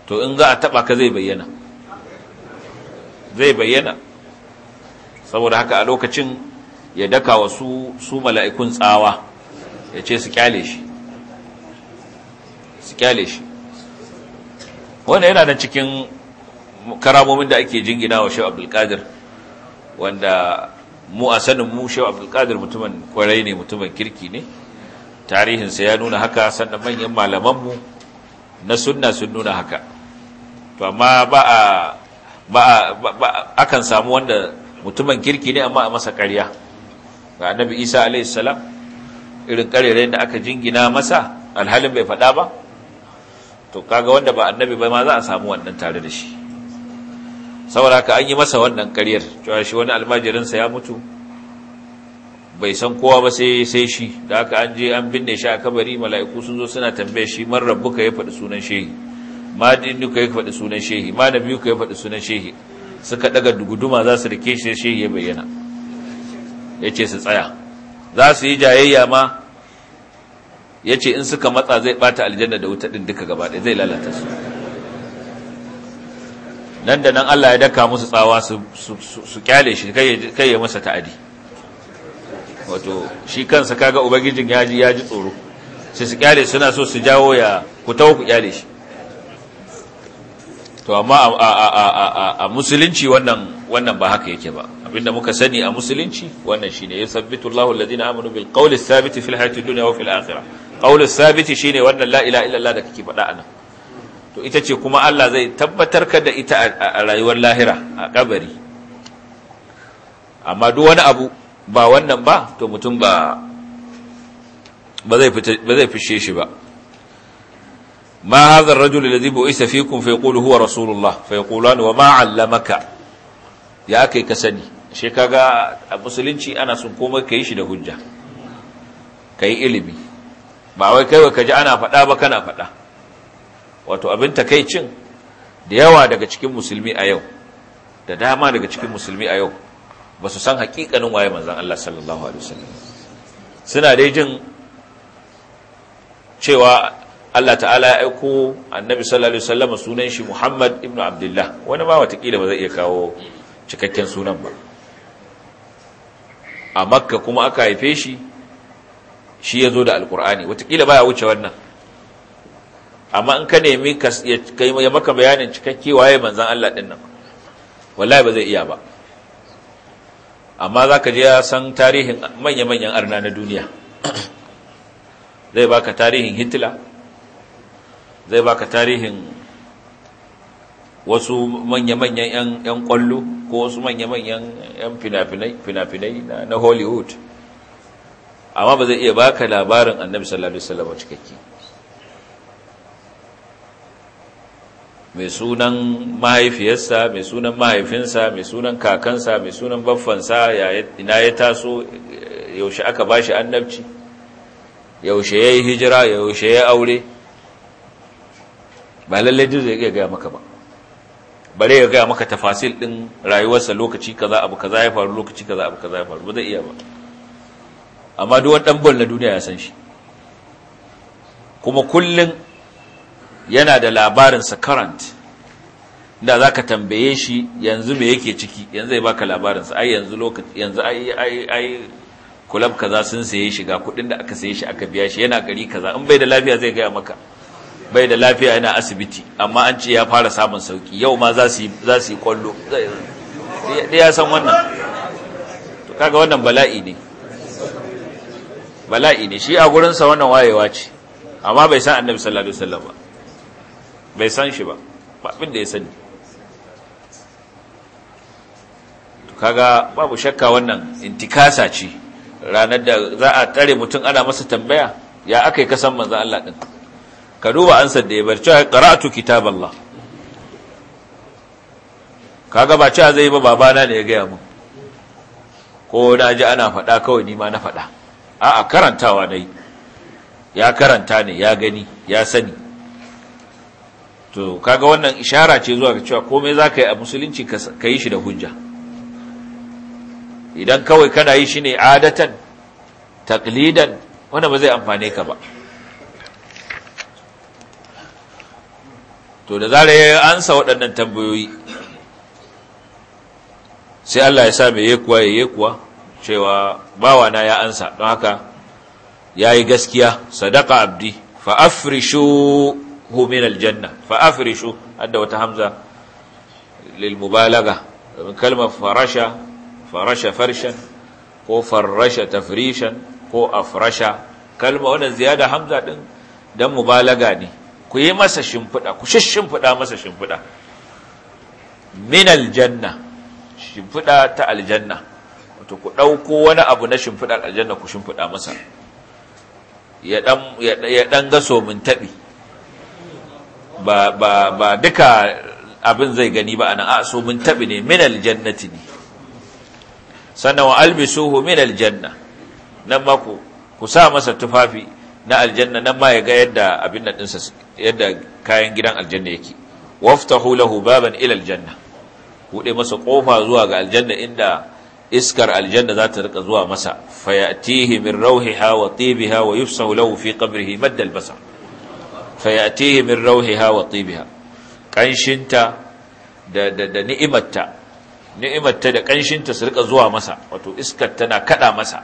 to in za a taba ka zai bayyana zai bayyana saboda haka a lokacin ya daka wa su su mala'ikun tsawa ya ce su kyale shi su kyale shi wanda yana da cikin karamomin da ake jingina wa shehu abdulkadir wanda mu a sanin mu shehu abdulkadir mutumin kwarai ne mutumin kirki ne tarihinsa ya nuna haka sannan manyan malamanmu na sunna sun nuna haka to amma ba a ba a akan samu wanda mutumin kirki ne amma a masa karya. ga annabi isa alaihi salam irin karerai da aka jingina masa alhalin bai faɗa ba to kaga wanda ba annabi ba ma za a samu wannan tare da shi saboda ka an yi masa wannan karyar cewa shi wani almajirinsa ya mutu bai san kowa ba sai sai shi da aka an je an binne shi a kabari mala'iku sun zo suna tambaye shi man ka ya faɗi sunan shehi ma ka ya faɗi sunan shehi ma ka ya faɗi sunan shehi suka daga duguduma za su rike shi shehi ya bayyana ya ce su tsaya za su yi jayayya ma ya ce in suka matsa zai bata aljanna da wuta ɗin duka gaba zai lalata su nan da nan Allah ya daka musu tsawa su kyale shi kai ya masa ta'adi wato shi kansa kaga ubangijin ya ji tsoro sai su kyale suna so su jawo ya ku ku kyale shi to amma a musulunci wannan wannan ba haka yake ba abinda muka sani a musulunci wannan shine yusabbitu Allahu alladhina amanu bil qawli thabit fil hayati dunya wa fil akhirah qawli thabit shine wannan la ilaha illallah da kake faɗa anan to ita ce kuma Allah zai tabbatar ka da ita a rayuwar lahira a kabari amma duk wani abu ba wannan ba to mutum ba ba zai ba zai fishe shi ba ما هذا الرجل الذي بؤس فيكم فيقول هو رسول الله فيقولان وما علمك ya kai ka sani shi kaga a musulunci ana sun komai ka yi shi da hujja ka yi ilimi ba wai kaiwa ka ji ana faɗa ba kana faɗa wato abin ta-kai-cin, da yawa daga cikin musulmi a yau da dama daga cikin musulmi a yau ba su san haƙiƙanin waye manzan Allah sallallahu alaihi wasallam suna dai jin cewa Allah ta'ala ya aiko annabi sallallahu alaihi wasallam sunan shi Muhammad ibn Abdullah wani ma watakila ba zai iya kawo cikakken sunan ba a makka kuma aka haife shi shi ya zo da alkur'ani watakila baya wuce wannan amma in ka nemi ya maka bayanin cikakke waye manzan Allah ɗin nan wallahi ba zai iya ba amma za ka je ya san tarihin manya-manyan arna na duniya zai baka tarihin hitler zai baka tarihin wasu manya-manyan 'yan kwallo ko wasu manya-manyan yan fina-finai na hollywood amma ba zai iya baka labarin annabi sallallahu alaihi wasallam cikakke mai sunan mahaifiyarsa mai sunan mahaifinsa mai sunan kakansa mai sunan baffansa ina ya taso yaushe aka bashi annabci yaushe ya yi hijira yaushe ya aure ba lallai zai iya gaya maka ba bare ya gaya maka tafasil din rayuwarsa lokaci kaza abu kaza ya faru lokaci kaza abu kaza ya faru ba zai iya ba amma duk wani na duniya ya san shi kuma kullum yana da labarinsa current da za ka tambaye shi yanzu me yake ciki yanzu ya baka labarinsa ai yanzu lokaci yanzu ai ai kulab kaza sun saye shi ga kudin da aka saye shi aka biya shi yana gari kaza in bai da lafiya zai gaya maka bai da lafiya yana asibiti amma an ce ya fara samun sauki yau ma za su yi kwallo da ya san wannan to kaga wannan bala'i ne bala'i ne shi a gurinsa wannan wayewa ce amma bai san annabi sallallahu alaihi wasallam ba bai san shi ba babin da ya sani to kaga babu shakka wannan intikasa ce ranar da za a tare mutum ana masa tambaya ya aka yi kasan manzan Allah din ka duba an da ya bar cewa qara'tu Ka kaga ba cewa zai ba babana ne ya gaya mu ko na ji ana faɗa kawai nima na faɗa a'a karantawa dai ya karanta ne ya gani ya sani to kaga wannan ishara ce zuwa ga cewa komai za ka yi a musulunci ka yi shi da hujja idan kawai kana yi shi ne adatan taklidan wanda ba zai amfane ka ba to da zara ya ansa waɗannan tambayoyi sai Allah ya sa mai yekuwa ya yekuwa cewa bawana ya ansa don haka ya yi gaskiya sadaka abdi fa'afirishu min aljanna fa'afirishu adda wata hamza lilmubalaga kalmar farasha farasha farshen ko farasha tafrishan ko afrasha kalma wannan ziyada hamza din dan mubalaga ne ku yi masa shimfiɗa ku shimfiɗa masa shimfiɗa min aljanna shimfiɗa ta aljanna wato ku ɗauko wani abu na shimfiɗa aljanna ku shimfiɗa masa ya ɗan gaso min taɓi ba duka abin zai gani ba ana a so min taɓi ne min aljannati ne sannan wa albisuhu min aljanna nan ma ku sa masa tufafi na aljanna nan ma ya ga yadda abin nan ɗinsa yadda kayan gidan aljanna yake waftahu lahu baban ila aljanna buɗe masa ƙofa zuwa ga aljanna inda iskar aljanna za ta rika zuwa masa fayatihi min rauhiha wa tibiha wa yufsahu lahu fi qabrihi madda albasar fayatihi min rauhiha wa tibiha kanshinta da da, da ni'imarta ni'imarta da kanshinta su rika zuwa masa wato iskar tana kada masa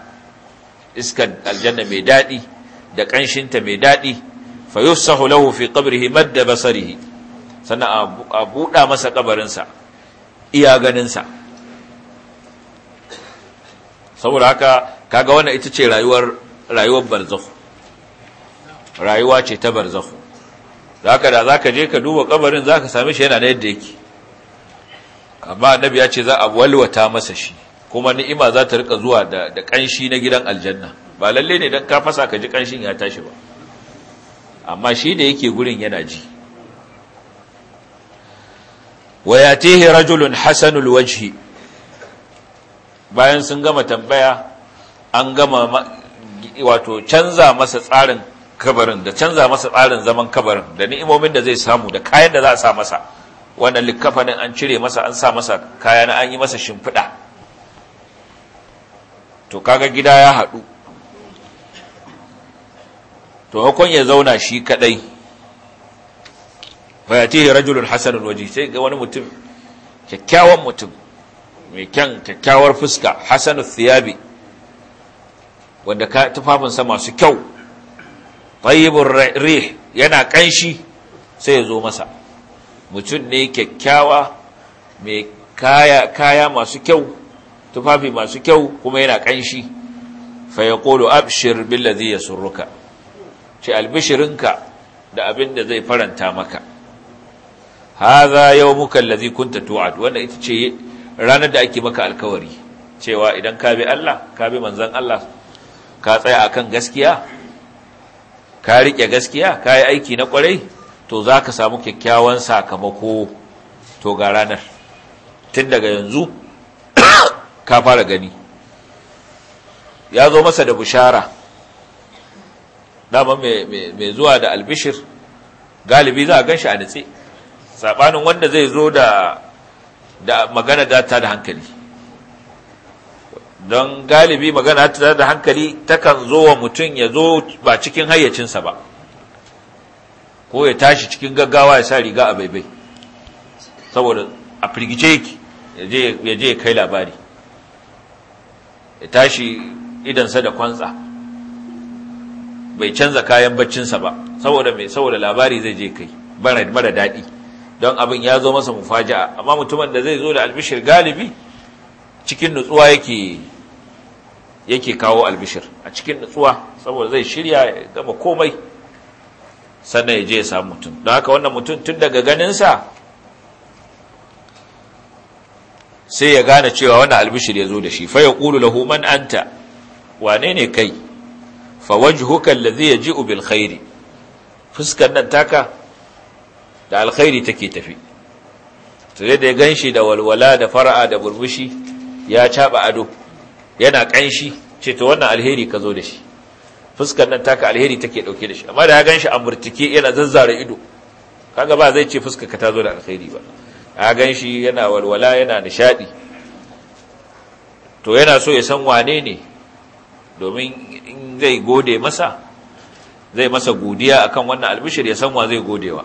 iskar aljanna mai daɗi da ƙanshinta mai daɗi fa yusahu lahu fi qabrihi madda basarihi sannan a buɗa masa kabarinsa iya ganinsa saboda haka kaga wannan ita ce rayuwar rayuwar barzakh rayuwa ce ta barzakh zaka da zaka je ka duba kabarin zaka same shi yana na yadda yake amma annabi ya ce za a walwata masa shi kuma ni'ima za ta rika zuwa da ƙanshi na gidan aljanna ba lalle ne dan ka fasa ka ji kanshin ya tashi ba amma shi da yake gurin yana ji wa yatihi rajulun hasanul wajhi bayan sun gama tambaya an gama wato canza masa tsarin kabarin da canza masa tsarin zaman kabarin da ni'imomin da zai samu da kayan da za a sa masa wannan likafanin an cire masa an sa masa kaya an yi masa shimfiɗa to kaga gida ya haɗu to ya zauna shi kadai bayatihi rajulun hasanun waji sai ga wani mutum kyakkyawan mutum mai kyan kyakkyawar fuska hasanu thiyabi wanda ka tufafinsa masu kyau tayyibur rih yana kanshi sai ya zo masa mutum ne kyakkyawa mai kaya masu kyau tufafi masu kyau kuma yana kanshi fa yaqulu abshir ya yasurruka ce albishirinka da abin da zai faranta maka haza muka lazi kunta tu'ad wanda ita ce ranar da ake maka alkawari cewa idan ka bi Allah ka bi manzan Allah ka tsaya akan gaskiya ka riƙe gaskiya ka yi aiki na kwarai to za ka samu kyakkyawan sakamako to ga ranar tun daga yanzu ka fara gani ya zo masa da bushara dama mai zuwa da albishir galibi za a gan shi a nitse saɓanin wanda zai zo da magana da da hankali don galibi magana ta da hankali takan zo wa mutum ya zo ba cikin hayyacinsa ba ko ya tashi cikin gaggawa ya sa riga a baibai saboda a firgice yake ya je kai labari ya tashi idansa da kwantsa bai canza kayan baccinsa ba saboda mai saboda labari zai je kai mara daɗi don abin ya zo masa mufaja'a amma mutumin da zai zo da albishir galibi cikin nutsuwa yake yake kawo albishir a cikin nutsuwa saboda zai shirya ya gama komai sannan ya je ya samu mutum don haka wannan mutum tun daga ganinsa sai ya gane cewa wannan albishir ya zo da shi fa ya ƙulu lahu man anta wane ne kai fa wajhuka allazi ji bil khairi fuskar nan taka da alkhairi take tafi to yadda ya ganshi da walwala da fara'a da burbushi ya caba ado yana kanshi ce wannan alheri ka zo da shi fuskar nan taka alheri take ɗauke da shi amma da ya ganshi a murtike yana zazzara ido kaga ba zai ce fuskar ka ta zo da alkhairi ba ya ganshi yana walwala yana nishadi to yana so ya san wane ne domin in zai gode masa zai masa godiya akan wannan albishir ya san wa zai godewa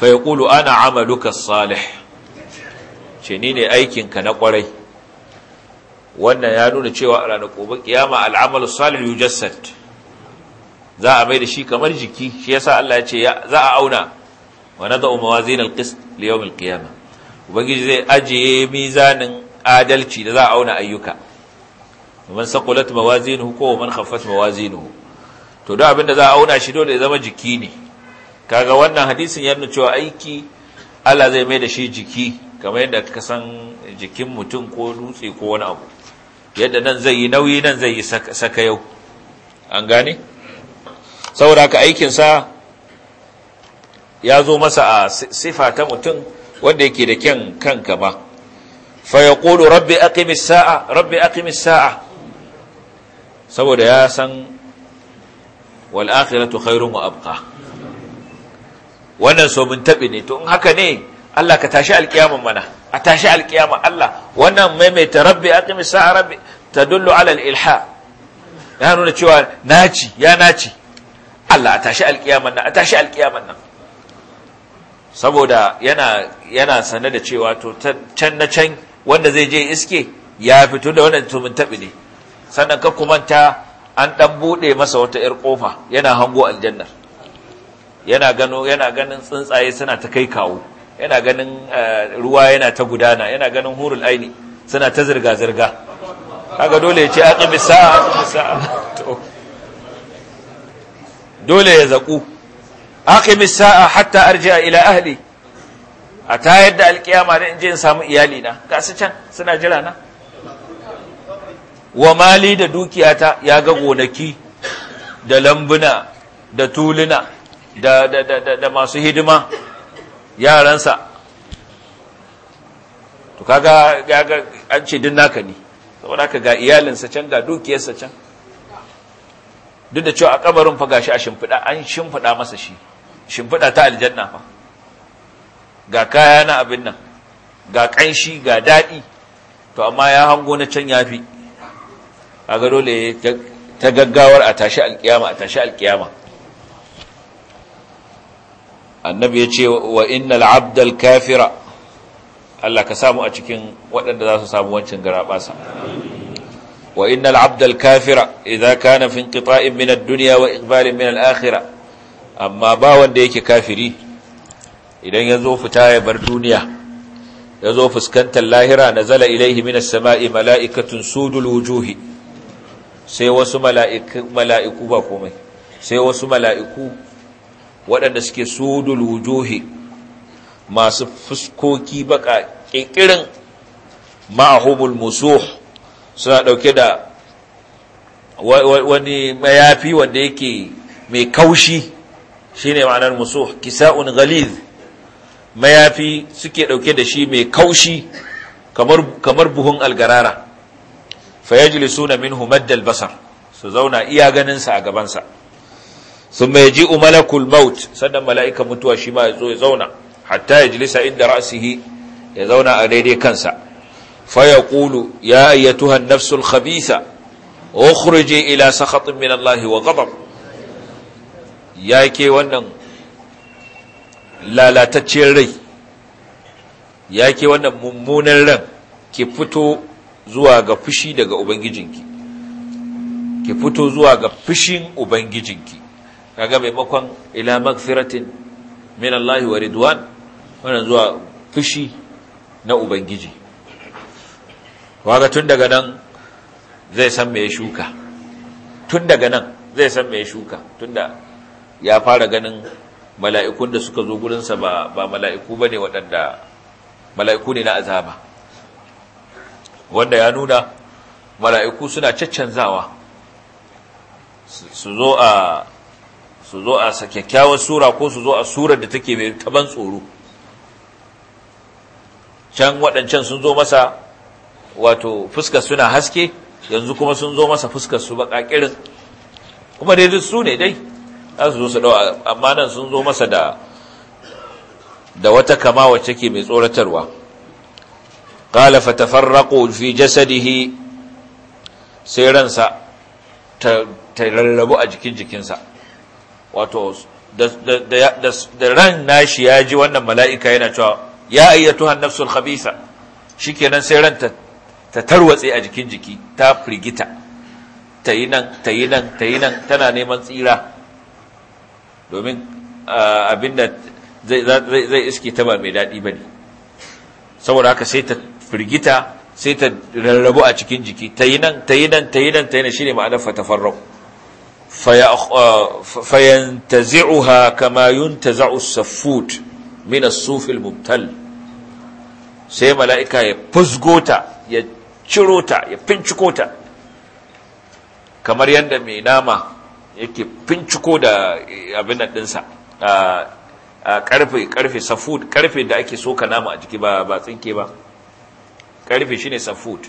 fa yaqulu ana amaluka salih ce ni ne aikinka na kwarai wannan ya nuna cewa a ranar gobe kiyama al'amalu salih yujassad za a maida shi kamar jiki shi yasa Allah ya ce za a auna wa nadau mawazin alqist li yawm alqiyama ubangiji zai ajiye mizanin adalci da za a auna ayyuka man saqulat mawazinuhu ko man khaffat mawazinuhu to duk abin da za a auna shi dole ya zama jiki ne kaga wannan hadisin ya nuna cewa aiki Allah zai mai da shi jiki kamar yadda ka san jikin mutum ko dutse ko wani abu yadda nan zai yi nauyi nan zai yi saka yau an gane saboda ka sa ya zo masa a sifa ta mutum wanda yake da kyan kanka ba fa yaqulu rabbi aqimis sa'a rabbi sa'a saboda ya san wal akhiratu khairun wa abqa wannan so mun tabe ne to in haka ne Allah ka tashi alkiyaman mana a tashi alkiyama Allah wannan maimaita rabbi aqimis sa'a rabbi tadullu ala al-ilha ya nuna cewa naci ya naci Allah a tashi alkiyaman nan a tashi alkiyaman nan saboda yana yana sane da cewa to can na can wanda zai je iske ya fito da wannan to mun tabe ne sannan ka kumanta an ɗan buɗe masa wata ‘yar ƙofa yana hango aljannar yana gano yana ganin tsuntsaye suna ta kai kawo yana ganin eh, ruwa yana ta gudana yana ganin hurul aini suna ta zirga-zirga kaga dole ya ce aqimi sa'a aqimi sa'a dole ya a aqimi sa'a hatta arji'a ila ahli a tayar da alƙiyama da in je in samu iyali na ga su can suna jira na wa mali da dukiyata ya ga gonaki da lambuna da tuluna da, da, da, da, masu hidima yaransa to kaga ga an ce din naka ne saboda ka ga iyalinsa can ga dukiyarsa can duk da cewa a kabarin fa gashi a shimfiɗa an shimfiɗa masa shi shimfiɗa ta aljanna fa ga kaya na abin nan ga ƙanshi ga daɗi to amma ya hango na can yafi kaga dole ta gaggawar a tashi alkiyama a tashi alkiyama annabi ya ce wa innal abdal kafira Allah ka samu a cikin waɗanda za su samu wancin garaɓasa wa innal abdal kafira idza kana fi inqita'in min ad-dunya wa iqbalin min al-akhirah amma ba wanda yake kafiri idan ya zo fita ya bar duniya ya zo fuskantar lahira nazala ilaihi min as-sama'i mala'ikatun sudul wujuhi sai wasu mala'iku ba komai sai wasu mala'iku waɗanda suke sudul wujuhi masu fuskoki baka ƙirƙirin ma'ahumul musuh suna ɗauke da wani mayafi wanda yake mai kaushi shine ma'anar musuh kisa'un galiz mayafi suke ɗauke da shi mai kaushi kamar buhun algarara suna minhu maddal basar su zauna iya ganinsa a gabansa. Su mai ji umalakul maut sannan mala'ika mutuwa shi ma ya zauna hatta ya jilisa inda ra'sihi ya zauna a daidai kansa fayaqulu ya ayyatuha an-nafsul o ukhruji ila sakhatin min Allah wa Ya ke wannan lalatacciyar rai ya ke wannan mummunan ran ki fito zuwa ga fushi daga ubangijinki ki fito zuwa ga fushin ubangijinki kaga maimakon ila magfiratin min Allah wa ridwan wannan zuwa fushi na ubangiji kaga tun daga nan zai san me shuka tun daga nan zai san me shuka tunda ya fara ganin mala'ikun da suka zo gurinsa ba ba mala'iku bane waɗanda mala'iku ne na azaba wanda ya nuna mala'iku suna caccanzawa su zo a su zo a kyakkyawar sura ko su zo a surar da take mai taban tsoro can waɗancan sun zo masa wato fuskar suna haske yanzu kuma sun zo masa fuskar su baƙaƙirin kuma dai duk su ne dai za su zo su ɗau amma nan sun zo masa da da wata kama wacce ke mai tsoratarwa qala fatafarraqu fi jasadihi sai ransa ta rarrabu a jikin wato da ran nashi ya ji wannan mala'ika yana cewa ya ayyatuhan nafsul khabisa shikenan sai ran ta tarwatse a jikin jiki ta firgita ta yi nan ta yi nan ta yi nan tana neman tsira domin abinda zai iske ta ba mai daɗi ba ne saboda haka sai ta firgita sai ta rarrabu a cikin jiki ta yi nan ta yi nan ta yi nan ta yi nan ne ma'anar fatafarrau uh, ha kama ta za'u saffut min sufil mubtal sai mala'ika ya fusgo ta ya ciro ta ya finciko ta kamar yadda mai nama yake finciko da eh, abin nan a karfe karfe safud karfe da ake soka nama a jiki ba ba tsinke ba karfe shine safut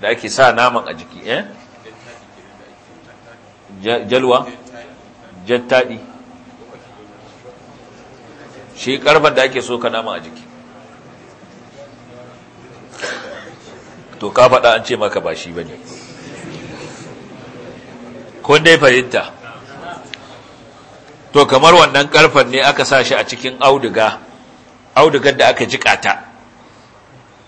da ake sa naman a jiki eh jalwa jattadi shi karfan da ake ka naman a jiki to ka faɗa an ce maka ba shi bane ko dai fahimta to kamar wannan karfan ne aka sa shi a cikin auduga audugar da aka jikata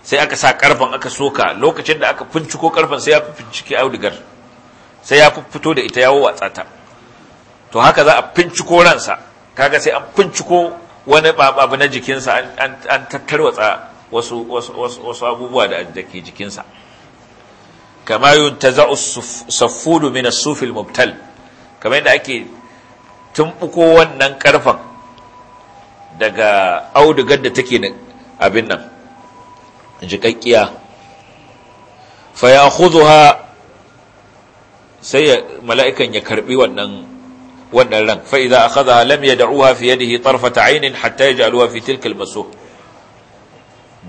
sai aka sa karfan aka soka lokacin da aka finciko karfan sai ya fincike audigar sai ya fito da ita yawo watsa ta to haka za a finciko ransa kaga sai an finciko wani babu-babu na jikinsa an tattarwatsa wasu wasu abubuwa da ke jikinsa kama za'u saffudu mina sufil mubtal kamar yadda ake tumbuko wannan karfan daga audugar da take abin nan jiƙaƙƙiya fa ya khudhuha sai mala'ikan ya karɓi wannan wannan ran fa idza akhadha lam yad'uha fi yadihi tarfata 'aynin hatta yaj'aluha fi tilka al-masuf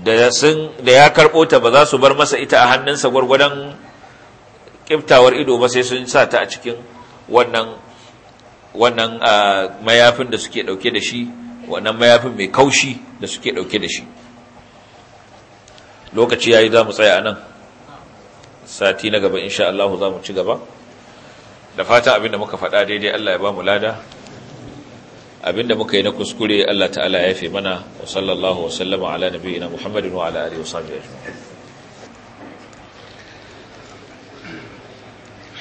da ya karɓo ta ba za su bar masa ita a hannunsa gwargwadon kiftawar ido ba sai sun sa ta a cikin wannan wannan ah, mayafin da suke dauke da shi wannan mayafin mai kaushi da suke ɗauke da shi lokaci ya yi za mu tsaya anan sati na gaba insha Allah za mu ci gaba da fatan abinda muka faɗa daidai Allah ya ba mu lada abinda muka yi na kuskure Allah ta'ala ya fi mana wa sallallahu wa sallama ala nabiyina Muhammadin wa ala alihi wa sahbihi ajma'in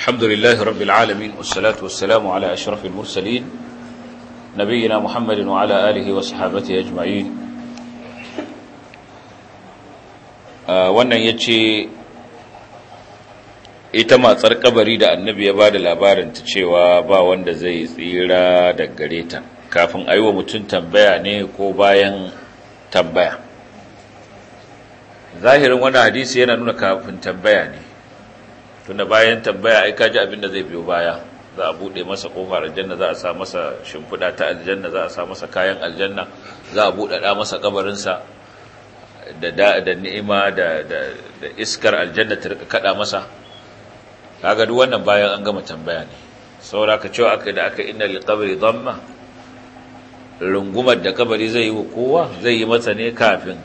alhamdulillahi rabbil alamin wassalatu salamu ala ashrafil mursalin nabiyina Muhammadin wa ala alihi wa sahbihi ajma'in Ah, wannan ya ce ita matsar kabari da annabi ya ba da labarinta cewa ba wanda zai tsira da gare ta kafin a yi wa mutum tambaya ne ko bayan tambaya zahirin wani hadisi yana nuna kafin tambaya ne tunda bayan tambaya ai ji abin da zai biyo baya za a buɗe masa ƙofar aljanna za a sa masa shimfiɗa ta aljanna za a sa masa kayan aljanna za a buɗaɗa masa kabarinsa da ni'ima da iskar aljanna ta rika kada masa kaga duk wannan bayan an gama tambaya ne saboda ka cewa aka da aka inna qabri dhamma rungumar da kabari zai yi wa kowa zai yi masa ne kafin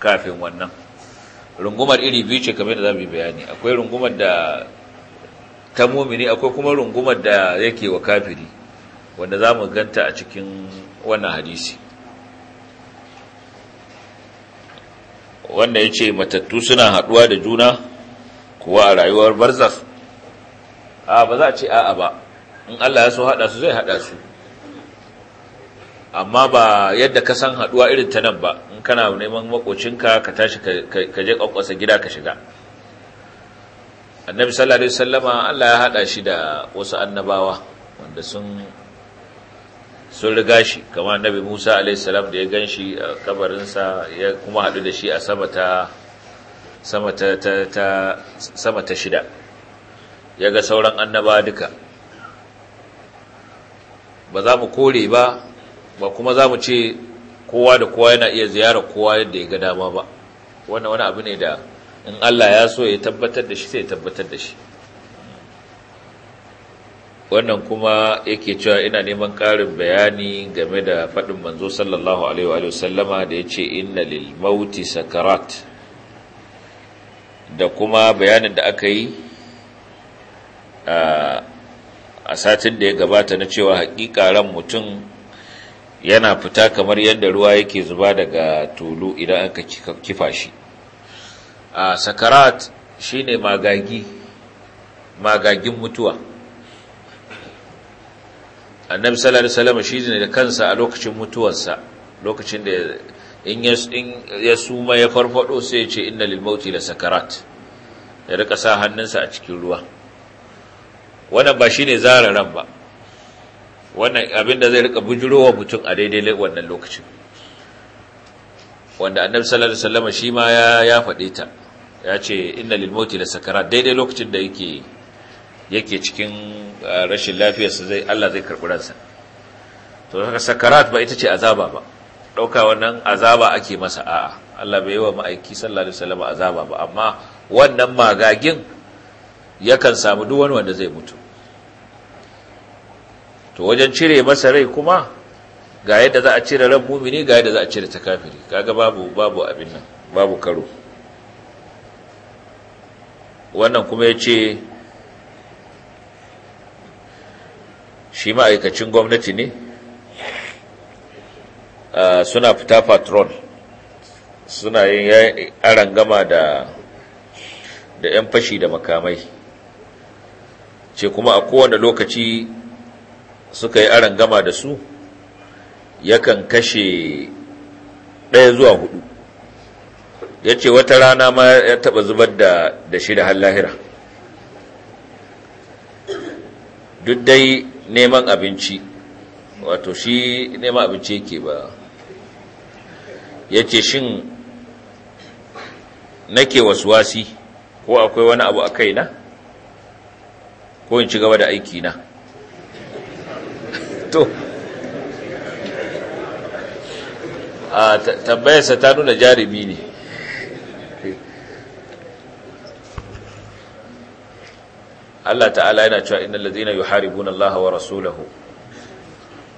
kafin wannan rungumar iri biyu ce kamar da za mu bayani akwai rungumar da ta mumini akwai kuma rungumar da yake wa kafiri wanda za mu ganta a cikin wannan hadisi wanda ya ce matattu suna haɗuwa da juna kuwa a rayuwar barzaf a ba za a ce a'a ba in Allah ya so haɗa su zai haɗa su amma ba yadda ka san haɗuwa irin ta nan ba in kana neman makocinka ka tashi ka je ƙwaƙwasa gida ka shiga annabi sallallahu alaihi wasallama Allah ya haɗa shi da wasu annabawa wanda sun sun riga shi kamar nabi musa alaihissalam da ya gan shi a kabarinsa ya kuma haɗu da shi a sama ta sama ta shida ya ga sauran annaba duka ba za mu kore ba ba kuma za mu ce kowa da kowa yana iya ziyarar kowa yadda ya ga dama ba wannan wani abu ne da in allah ya so ya tabbatar da shi sai ya tabbatar da shi wannan kuma yake cewa ina neman ƙarin bayani game da faɗin manzo sallallahu alaihi wa sallama da ya ce inna lil mauti sakarat da kuma bayanin da aka yi a satin da ya gabata na cewa haƙiƙa ran mutum yana fita kamar yadda ruwa yake zuba daga tulu idan aka kifa shi sakarat shine magagi magagin mutuwa annabi sallallahu alaihi wasallam shi ne da kansa a lokacin mutuwarsa lokacin da in ya suma ya farfado sai ya ce inna lil mauti la sakarat ya rika sa hannunsa a cikin ruwa wannan ba shine zara ran ba wannan abinda zai rika bujurowa mutum a daidai wannan lokacin wanda annabi sallallahu alaihi wasallam shi ma ya ya fade ta ya ce inna lil mauti la sakarat daidai lokacin da yake yake cikin rashin lafiyarsa zai Allah zai karɓi ransa to haka sakarat ba ita ce azaba ba ɗauka wannan azaba ake masa a'a Allah bai yi wa ma'aiki sallallahu alaihi wasallam azaba ba amma wannan magagin yakan samu duk wani wanda zai mutu to wajen cire masa rai kuma ga yadda za a cire ran mumini ga yadda za a cire ta kafiri kaga babu babu abin nan babu karo wannan kuma yace shi ma'aikacin gwamnati ne suna fita patron suna yin arangama da da 'yan fashi da makamai ce kuma a kowane lokaci suka yi aran gama da su yakan kashe ɗaya zuwa hudu ya ce wata rana ma ya taɓa zubar da shi da har lahira duk dai neman abinci wato shi neman abinci yake ba ya ce shin nake wasuwasi ko akwai wani abu a kaina ko in ci gaba da aiki na? to a tambayarsa ta nuna jarumi ne Allah ta'ala yana cewa innal ladina yuharibuna Allah wa rasulahu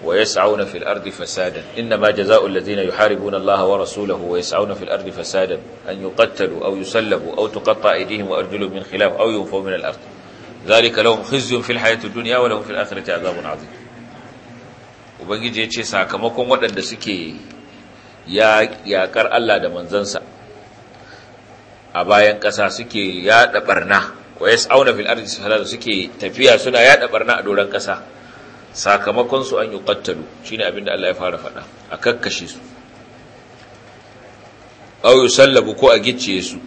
wa yas'auna fil ardi fasadan inma jazaa'u alladhina yuharibuna Allah wa rasulahu wa yas'auna fil ardi fasadan an yuqattalu aw yusallabu aw tuqatta'a aydihim wa arjuluhum min khilaf aw yunfaw min al-ard dhalika lahum khizyun fil hayati ad-dunya wa lahum fil akhirati 'adhabun 'adhim ubangiji yace sakamakon waɗanda suke ya yaƙar Allah da manzansa a bayan ƙasa suke yaɗa ɓarna wa auna fil ardi sahala suke tafiya suna yada barna a doran kasa sakamakon su an yuqattalu shine abinda Allah ya fara faɗa a kakkashe su aw yusallabu ko a gicciye su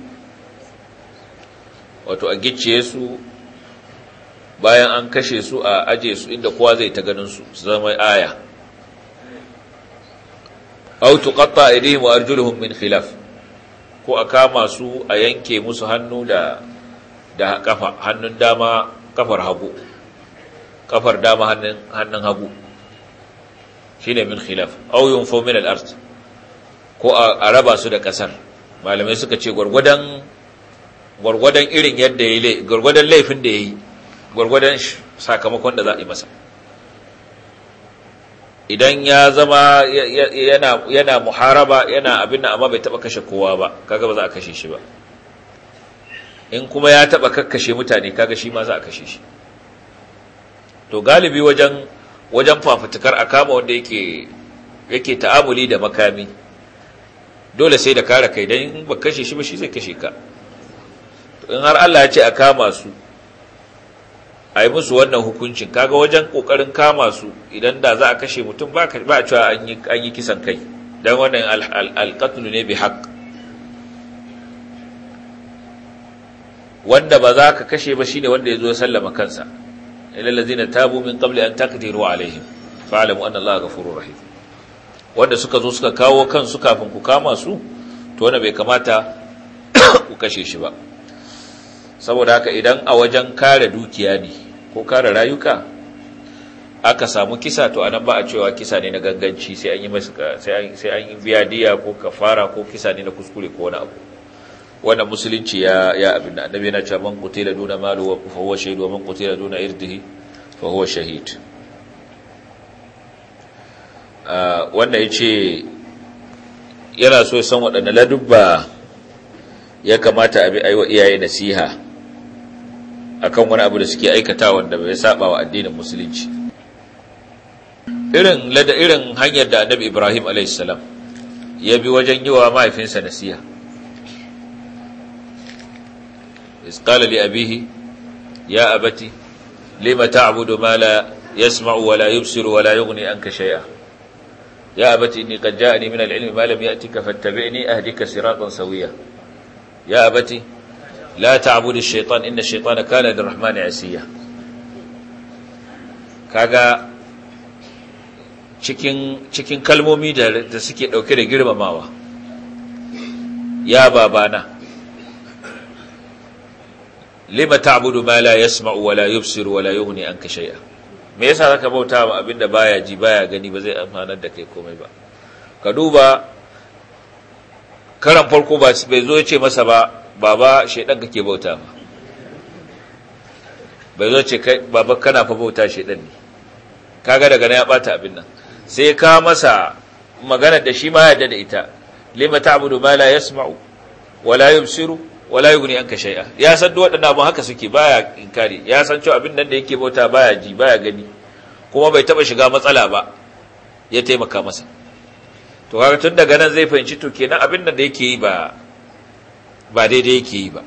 wato a gicciye su bayan an kashe su a aje su inda kowa zai ta ganin su su zama aya aw tuqatta aydihim wa arjuluhum min khilaf ko a kama su a yanke musu hannu da da kafa hannun dama kafar hagu kafar dama hannun hannun hagu shine min khilaf aw yunfu min al-ard ko a raba su da kasar malamai suka ce gurgudan gwargwadon irin yadda ya yi gwargwadon laifin da ya yi gwargwadon sakamakon da za a yi masa idan ya zama yana muharaba yana abin amma bai taba kashe kowa ba kaga ba za a kashe shi ba in kuma ya taɓa kakkashe mutane kaga shi ma za a kashe shi to galibi wajen wajen fafutukar a kama wanda yake yake ta'amuli da makami dole sai da kare kai dan in ba kashe shi ba shi zai kashe ka in har Allah ya ce a kama su a yi musu wannan hukuncin kaga wajen kokarin kama su idan da za a kashe mutum ba a cewa an yi kisan kai don wannan alkatulu ne bi haƙ wanda ba za ka kashe ba shine wanda ya zo sallama kansa ilal ladzina tabu min qabli an taqdiru alaihim fa'lamu anna allaha ghafurur rahim wanda suka zo suka kawo kansu kafin ku kama su to wanda bai kamata ku kashe shi ba saboda haka idan a wajen kare dukiya ne ko kare rayuka aka samu kisa to anan ba a cewa kisa ne na ganganci sai an yi biya diya ko kafara ko kisa ne na kuskure ko wani abu wannan musulunci ya ya abin da annabi yana cewa man qutila duna malu wa fa huwa shahid wa man qutila duna irdihi fa huwa shahid ah, wanda yace yana so san waɗanne ladubba ya kamata abi aiwa iyaye nasiha akan wani abu da suke aikata wanda bai saba wa addinin musulunci irin lada irin hanyar da annabi Ibrahim salam ya bi wajen yiwa mahaifinsa nasiha isqala li abihi ya abati lima ta'budu ma la yasma'u wa la yubsiru wa la yughni anka ya abati inni qad ja'ani min al-ilmi ma lam ya'tika fattabi'ni ahdika siratan sawiya ya abati la ta'budu ash-shaytan inna ash kaga cikin cikin kalmomi da suke dauke da girmamawa ya babana lima ta'budu ma la yasma'u wa la yubsiru wa la yughni anka shay'a me yasa zaka bauta ma abinda baya ji baya gani ba zai amfanar da kai komai ba ka duba karan farko ba bai zo ce masa ba baba shaidan kake bauta ba bai zo ce kai baba kana fa bauta shaidan ne kaga daga na ya bata abin nan sai ka masa magana da shi ma ya da ita lima ta'budu ma la yasma'u wa la yubsiru wala yughni anka shay'a ya san duk waɗannan abun haka suke baya inkari ya san cewa abin nan da yake bauta baya ji baya gani kuma bai taba shiga matsala ba ya taimaka masa to kaga tun daga nan zai fahimci to kenan abin nan da yake yi ba ba daidai yake yi ba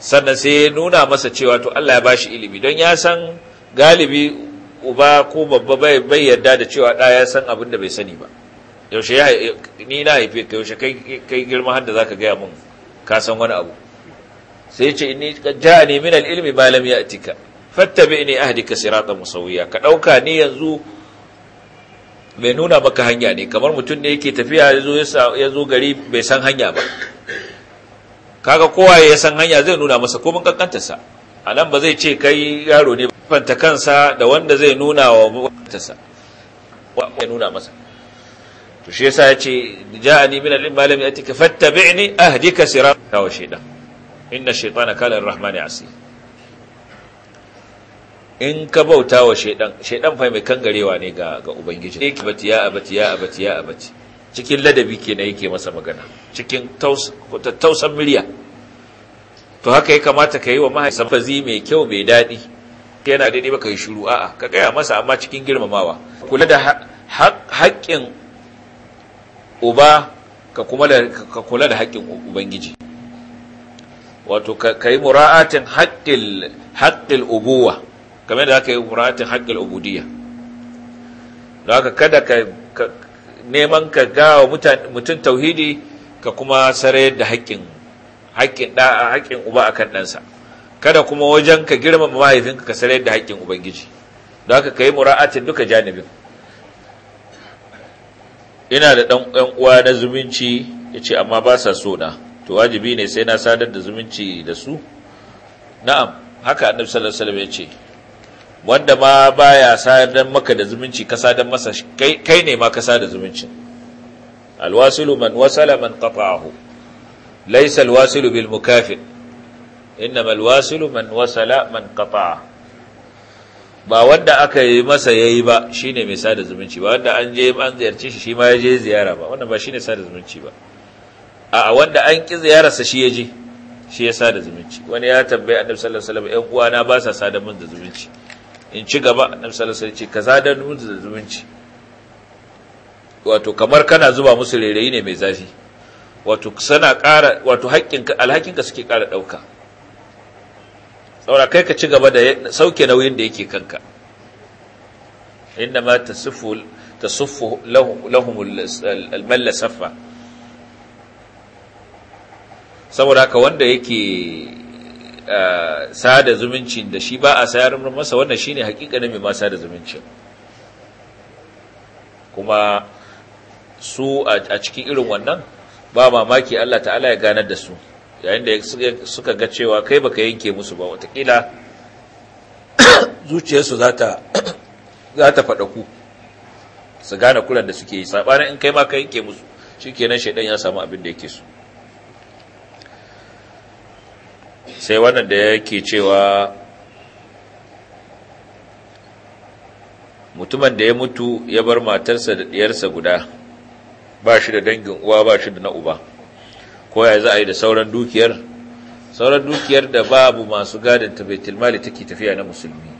sannan sai ya nuna masa cewa to Allah ya bashi ilimi don ya san galibi uba ko babba bai yarda da cewa ɗa ya san abin da bai sani ba yaushe ya ni na haife ka yaushe kai girma har da zaka gaya mun ka san wani abu sai ce inni ja'ani min al-ilmi ma lam ya'tika fattabi'ni ahdika siratan musawiya ka dauka ni yanzu mai nuna maka hanya ne kamar mutum ne yake tafiya ya zo gari bai san hanya ba kaga kowa ya san hanya zai nuna masa komin kankantarsa a nan ba zai ce kai yaro ne fanta kansa da wanda zai nuna wa kantarsa ya nuna masa to shi yasa yace ja'ani min al-malami atika fattabi'ni ahdika sirat kawo shaytan inna shaytana kala ar-rahmani asi in ka bauta wa shaytan shaytan fa mai kangarewa ne ga ga ubangiji yake bati ya abati ya abati ya abati cikin ladabi kenan yake masa magana cikin tausan miliya to haka ya kamata ka yi wa mahaifin fazi mai kyau mai daɗi yana daidai baka yi shiru a'a ka gaya masa amma cikin girmamawa kula da haƙƙin uba ka kuma ka kula da haƙƙin ubangiji wato ka yi mura'atin haƙƙil ubuwa kamar da aka yi mura'atin haƙƙil ubudiyya da haka kada ka neman ka gawa mutum tauhidi ka kuma sarayar da haƙƙin haƙƙin haƙƙin uba akan ɗansa kada kuma wajen ka girmama mahaifinka ka sarayar da haƙƙin ubangiji da haka ka yi mura'atin duka janibin ina da ɗan ɗan uwa na zumunci ya ce amma ba sa so na to wajibi ne sai na sadar da zumunci da su na'am haka annabi sallallahu alaihi wasallam ya ce wanda ma baya sadar maka da zumunci ka sadar masa kai ne ma ka sadar zumuncin alwasilu man wasala man qata'ahu laysa alwasilu bil mukafi innama alwasilu man wasala man qata'a ba wanda aka yi masa ya yi ba shine mai sada zumunci ba wanda an je an ziyarce shi shi ma ya je ziyara ba wannan ba shine sada zumunci ba a wanda an ƙi ziyararsa shi ya je shi ya sada zumunci wani ya tambaye annabi sallallahu alaihi wasallam uwana ba sa sada mun da zumunci in ci gaba annabi sallallahu alaihi ce ka sada mun da zumunci wato kamar kana zuba musu rairayi ne mai zafi wato sana ƙara wato alhakinka suke ƙara ɗauka saboda kai ka ci gaba da sauke nauyin da yake kanka inda ma ta sufu lahum al-malla saffa saboda haka wanda yake sada zumuncin da shi ba a sayar masa wannan shine na mai ma sada zumuncin kuma su a cikin irin wannan ba mamaki Allah ta'ala ya ganar da su yayin da suka ga cewa kai baka yanke musu ba watakila zuciyarsu za ta faɗa ku su gane kuran da suke yi saɓanin in kai ma ka yanke musu shi kenan shaidan ya samu abin da yake su sai wannan da yake cewa mutumin da ya mutu ya bar matarsa da ɗiyarsa guda ba shi da dangin uwa ba shi da na uba ko ya za a yi da sauran dukiyar sauran dukiyar da babu masu gadin ta baitul mali take tafiya na musulmi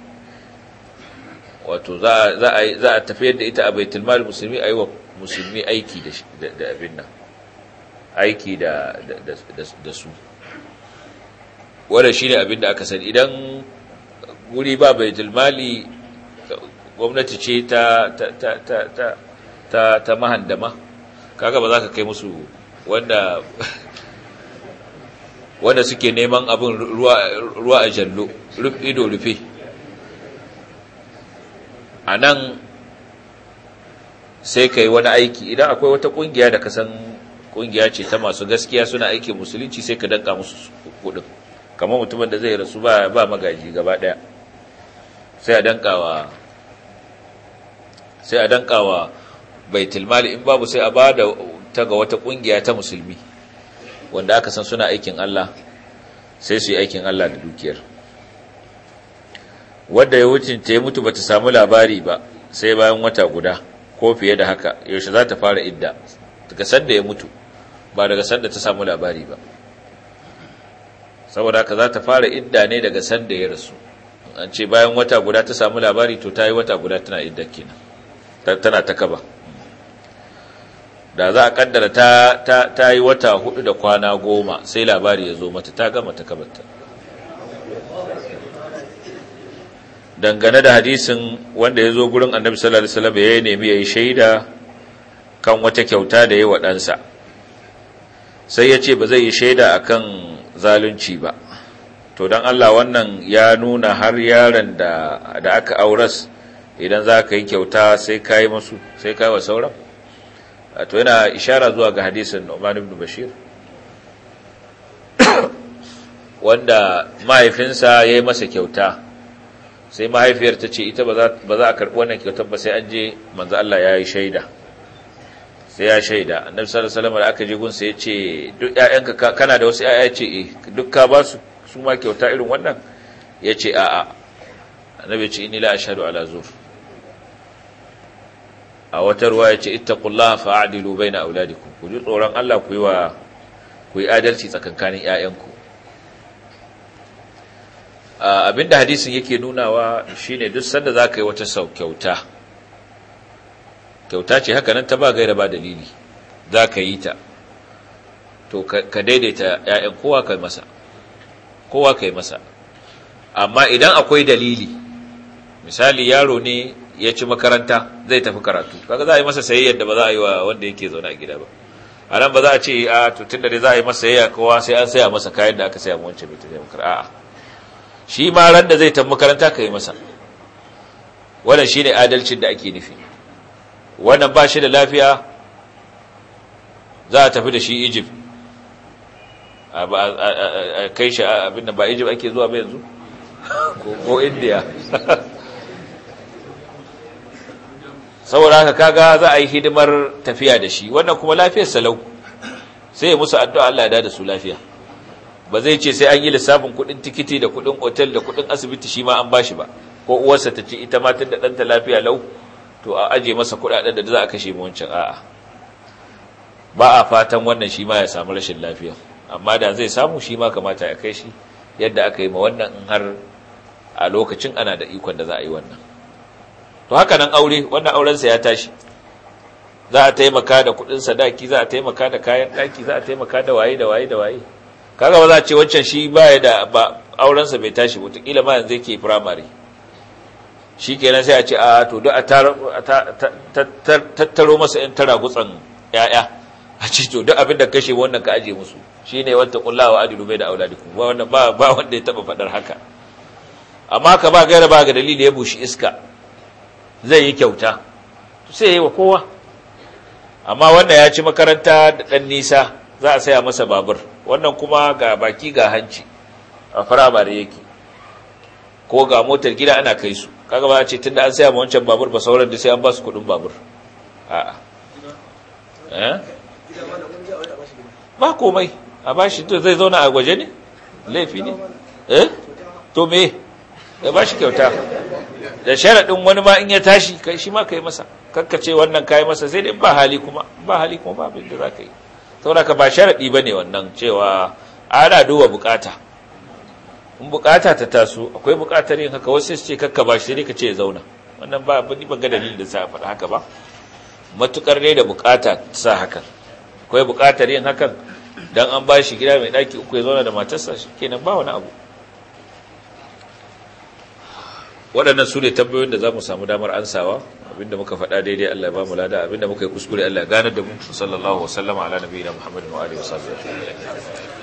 wato za a za a tafiyar da ita a baitul mali musulmi ayi wa musulmi aiki da da abin nan aiki da da su wanda shine abin da aka sani idan guri ba baitul mali gwamnati ce ta ta ta ta ta ta mahandama kaga ba za ka kai musu wanda wanda suke neman abin ruwa a jallo ido rufe a nan sai ka wani aiki idan akwai wata kungiya da kasan kungiya ce ta masu gaskiya suna aiki musulunci sai ka danka musu kudin kamar mutumin da zai rasu ba magaji gaba daya sai a dankawa sai a dankawa baitul in babu sai a ba da ta ga wata ƙungiya ta musulmi wanda aka san suna aikin Allah sai su yi aikin Allah da dukiyar wanda ya wucin ta yi mutu ba ta samu labari ba sai bayan wata guda ko fiye da haka yaushe za ta fara idda daga sanda ya mutu ba daga sanda ta samu labari ba saboda ka za ta fara idda ne daga sanda ya rasu an ce bayan wata guda ta samu labari to ta yi wata guda tana idda kenan tana ta kaba da za a kaddara ta, ta, ta yi wata hudu da kwana goma sai labari ya zo mata ta gama ta kabarta dangane da hadisin wanda ya zo gurin annabi sallallahu alaihi wasallam ya nemi ya shaida kan wata kyauta da ya wa ɗansa sai ya ce ba zai yi shaida akan zalunci ba to don Allah wannan ya nuna har yaron da aka auras idan za ka yi kyauta sai ka yi sai ka yi wa sauran to yana ishara zuwa ga hadisin Umar ibn Bashir wanda mahaifinsa ya yi masa kyauta sai mahaifiyar ta ce ita ba za a karɓi wannan kyautar ba sai an je manzo Allah ya yi shaida sai ya shaida annabi sallallahu alaihi wasallam da aka je gunsa ya ce duk ƴaƴanka kana da wasu ƴaƴa ce eh duk ka ba su su ma kyauta irin wannan ya ce a'a annabi ya ce inni la ashhadu ala zur a wata ruwa ya ce ita ittaqullaha fa'adilu na auladiku ku ji tsoron Allah ku yi wa ku yi adalci tsakankanin abinda hadisin yake nunawa shine duk sanda za yi wata sau kyauta kyauta ce haka nan ta ba gaira ba dalili za ka yi ta to ka daidaita ‘ya’yan kowa yi masa kowa yi masa amma idan akwai dalili misali yaro ne ya ci makaranta zai tafi karatu kaga za a yi masa sayayyar da ba za a yi wa wanda yake zaune a gida ba a nan ba za a ce a to da dai za a yi masa sayayya kowa sai an saya masa kayan da aka saya mu wancan bai tafi makaranta a'a shi ma ran da zai tafi makaranta ka yi masa wannan shine adalcin da ake nufi wannan ba shi da lafiya za a tafi da shi Egypt a kai shi abin da ba Egypt ake zuwa ba yanzu ko India saboda haka kaga za a yi hidimar tafiya da shi wannan kuma lafiyar salau sai musu addu'a Allah ya da su lafiya ba zai ce sai an yi lissafin kuɗin tikiti da kuɗin otel da kuɗin asibiti shi ma an bashi ba ko uwarsa ta ce ita ma tun da ɗanta lafiya lau to a aje masa kuɗaɗen da za a kashe mu wancan a'a ba a fatan wannan shi ma ya samu rashin lafiya amma da zai samu shi ma kamata ya kai shi yadda aka yi ma wannan in har a lokacin ana da ikon da za a yi wannan to haka nan aure wannan aurensa ya tashi za a taimaka da kudin sadaki za a taimaka da kayan daki za a taimaka da waye da waye da waye kaga ba za a ce wancan shi baya da ba aurensa bai tashi wataƙila ma yanzu yake firamare. shi kenan sai a ce a to duk a tattaro masa yan tara gutsan ya'ya a ce to duk abin da kashe wannan ka aje musu shi ne wata wa adilu bai da auladikum ba wanda ya taba faɗar haka amma ka ba gaira ga dalili ya bushi iska zai yi kyauta sai ya yi wa kowa amma wannan ya ci makaranta da ɗan nisa za a saya masa babur wannan kuma ga baki ga hanci a firamare yake ko ga motar gida ana kai su kaga ba a ce tunda an saya ma wancan babur ba sauran da sai an ba su kuɗin babur a'a eh? ba komai a bashi zai zauna a gwaje ne laifi ne eh to me ya ba shi kyauta da sharaɗin wani ma in ya tashi kai shi ma ka yi masa kakkace wannan ka yi masa sai dai ba hali kuma ba hali kuma ba abin da za ka yi saboda ka ba sharaɗi ba ne wannan cewa ana duba bukata in bukata ta taso akwai bukatar yin haka wasu ce kakka ba shi ne ka ce ya zauna wannan ba abin ban ga dalilin da sa faɗa haka ba matukar ne da bukata ta sa hakan akwai bukatar yin hakan dan an ba shi gida mai ɗaki uku ya zauna da matarsa shi kenan ba wani abu waɗannan su ne tambayoyin da za mu samu damar ansawa abinda muka faɗa daidai Allah ya ba mu lada abinda muka yi kuskure Allah ya gane da mu sallallahu wasallama ala nabiyina Muhammadin wa alihi wa sahbihi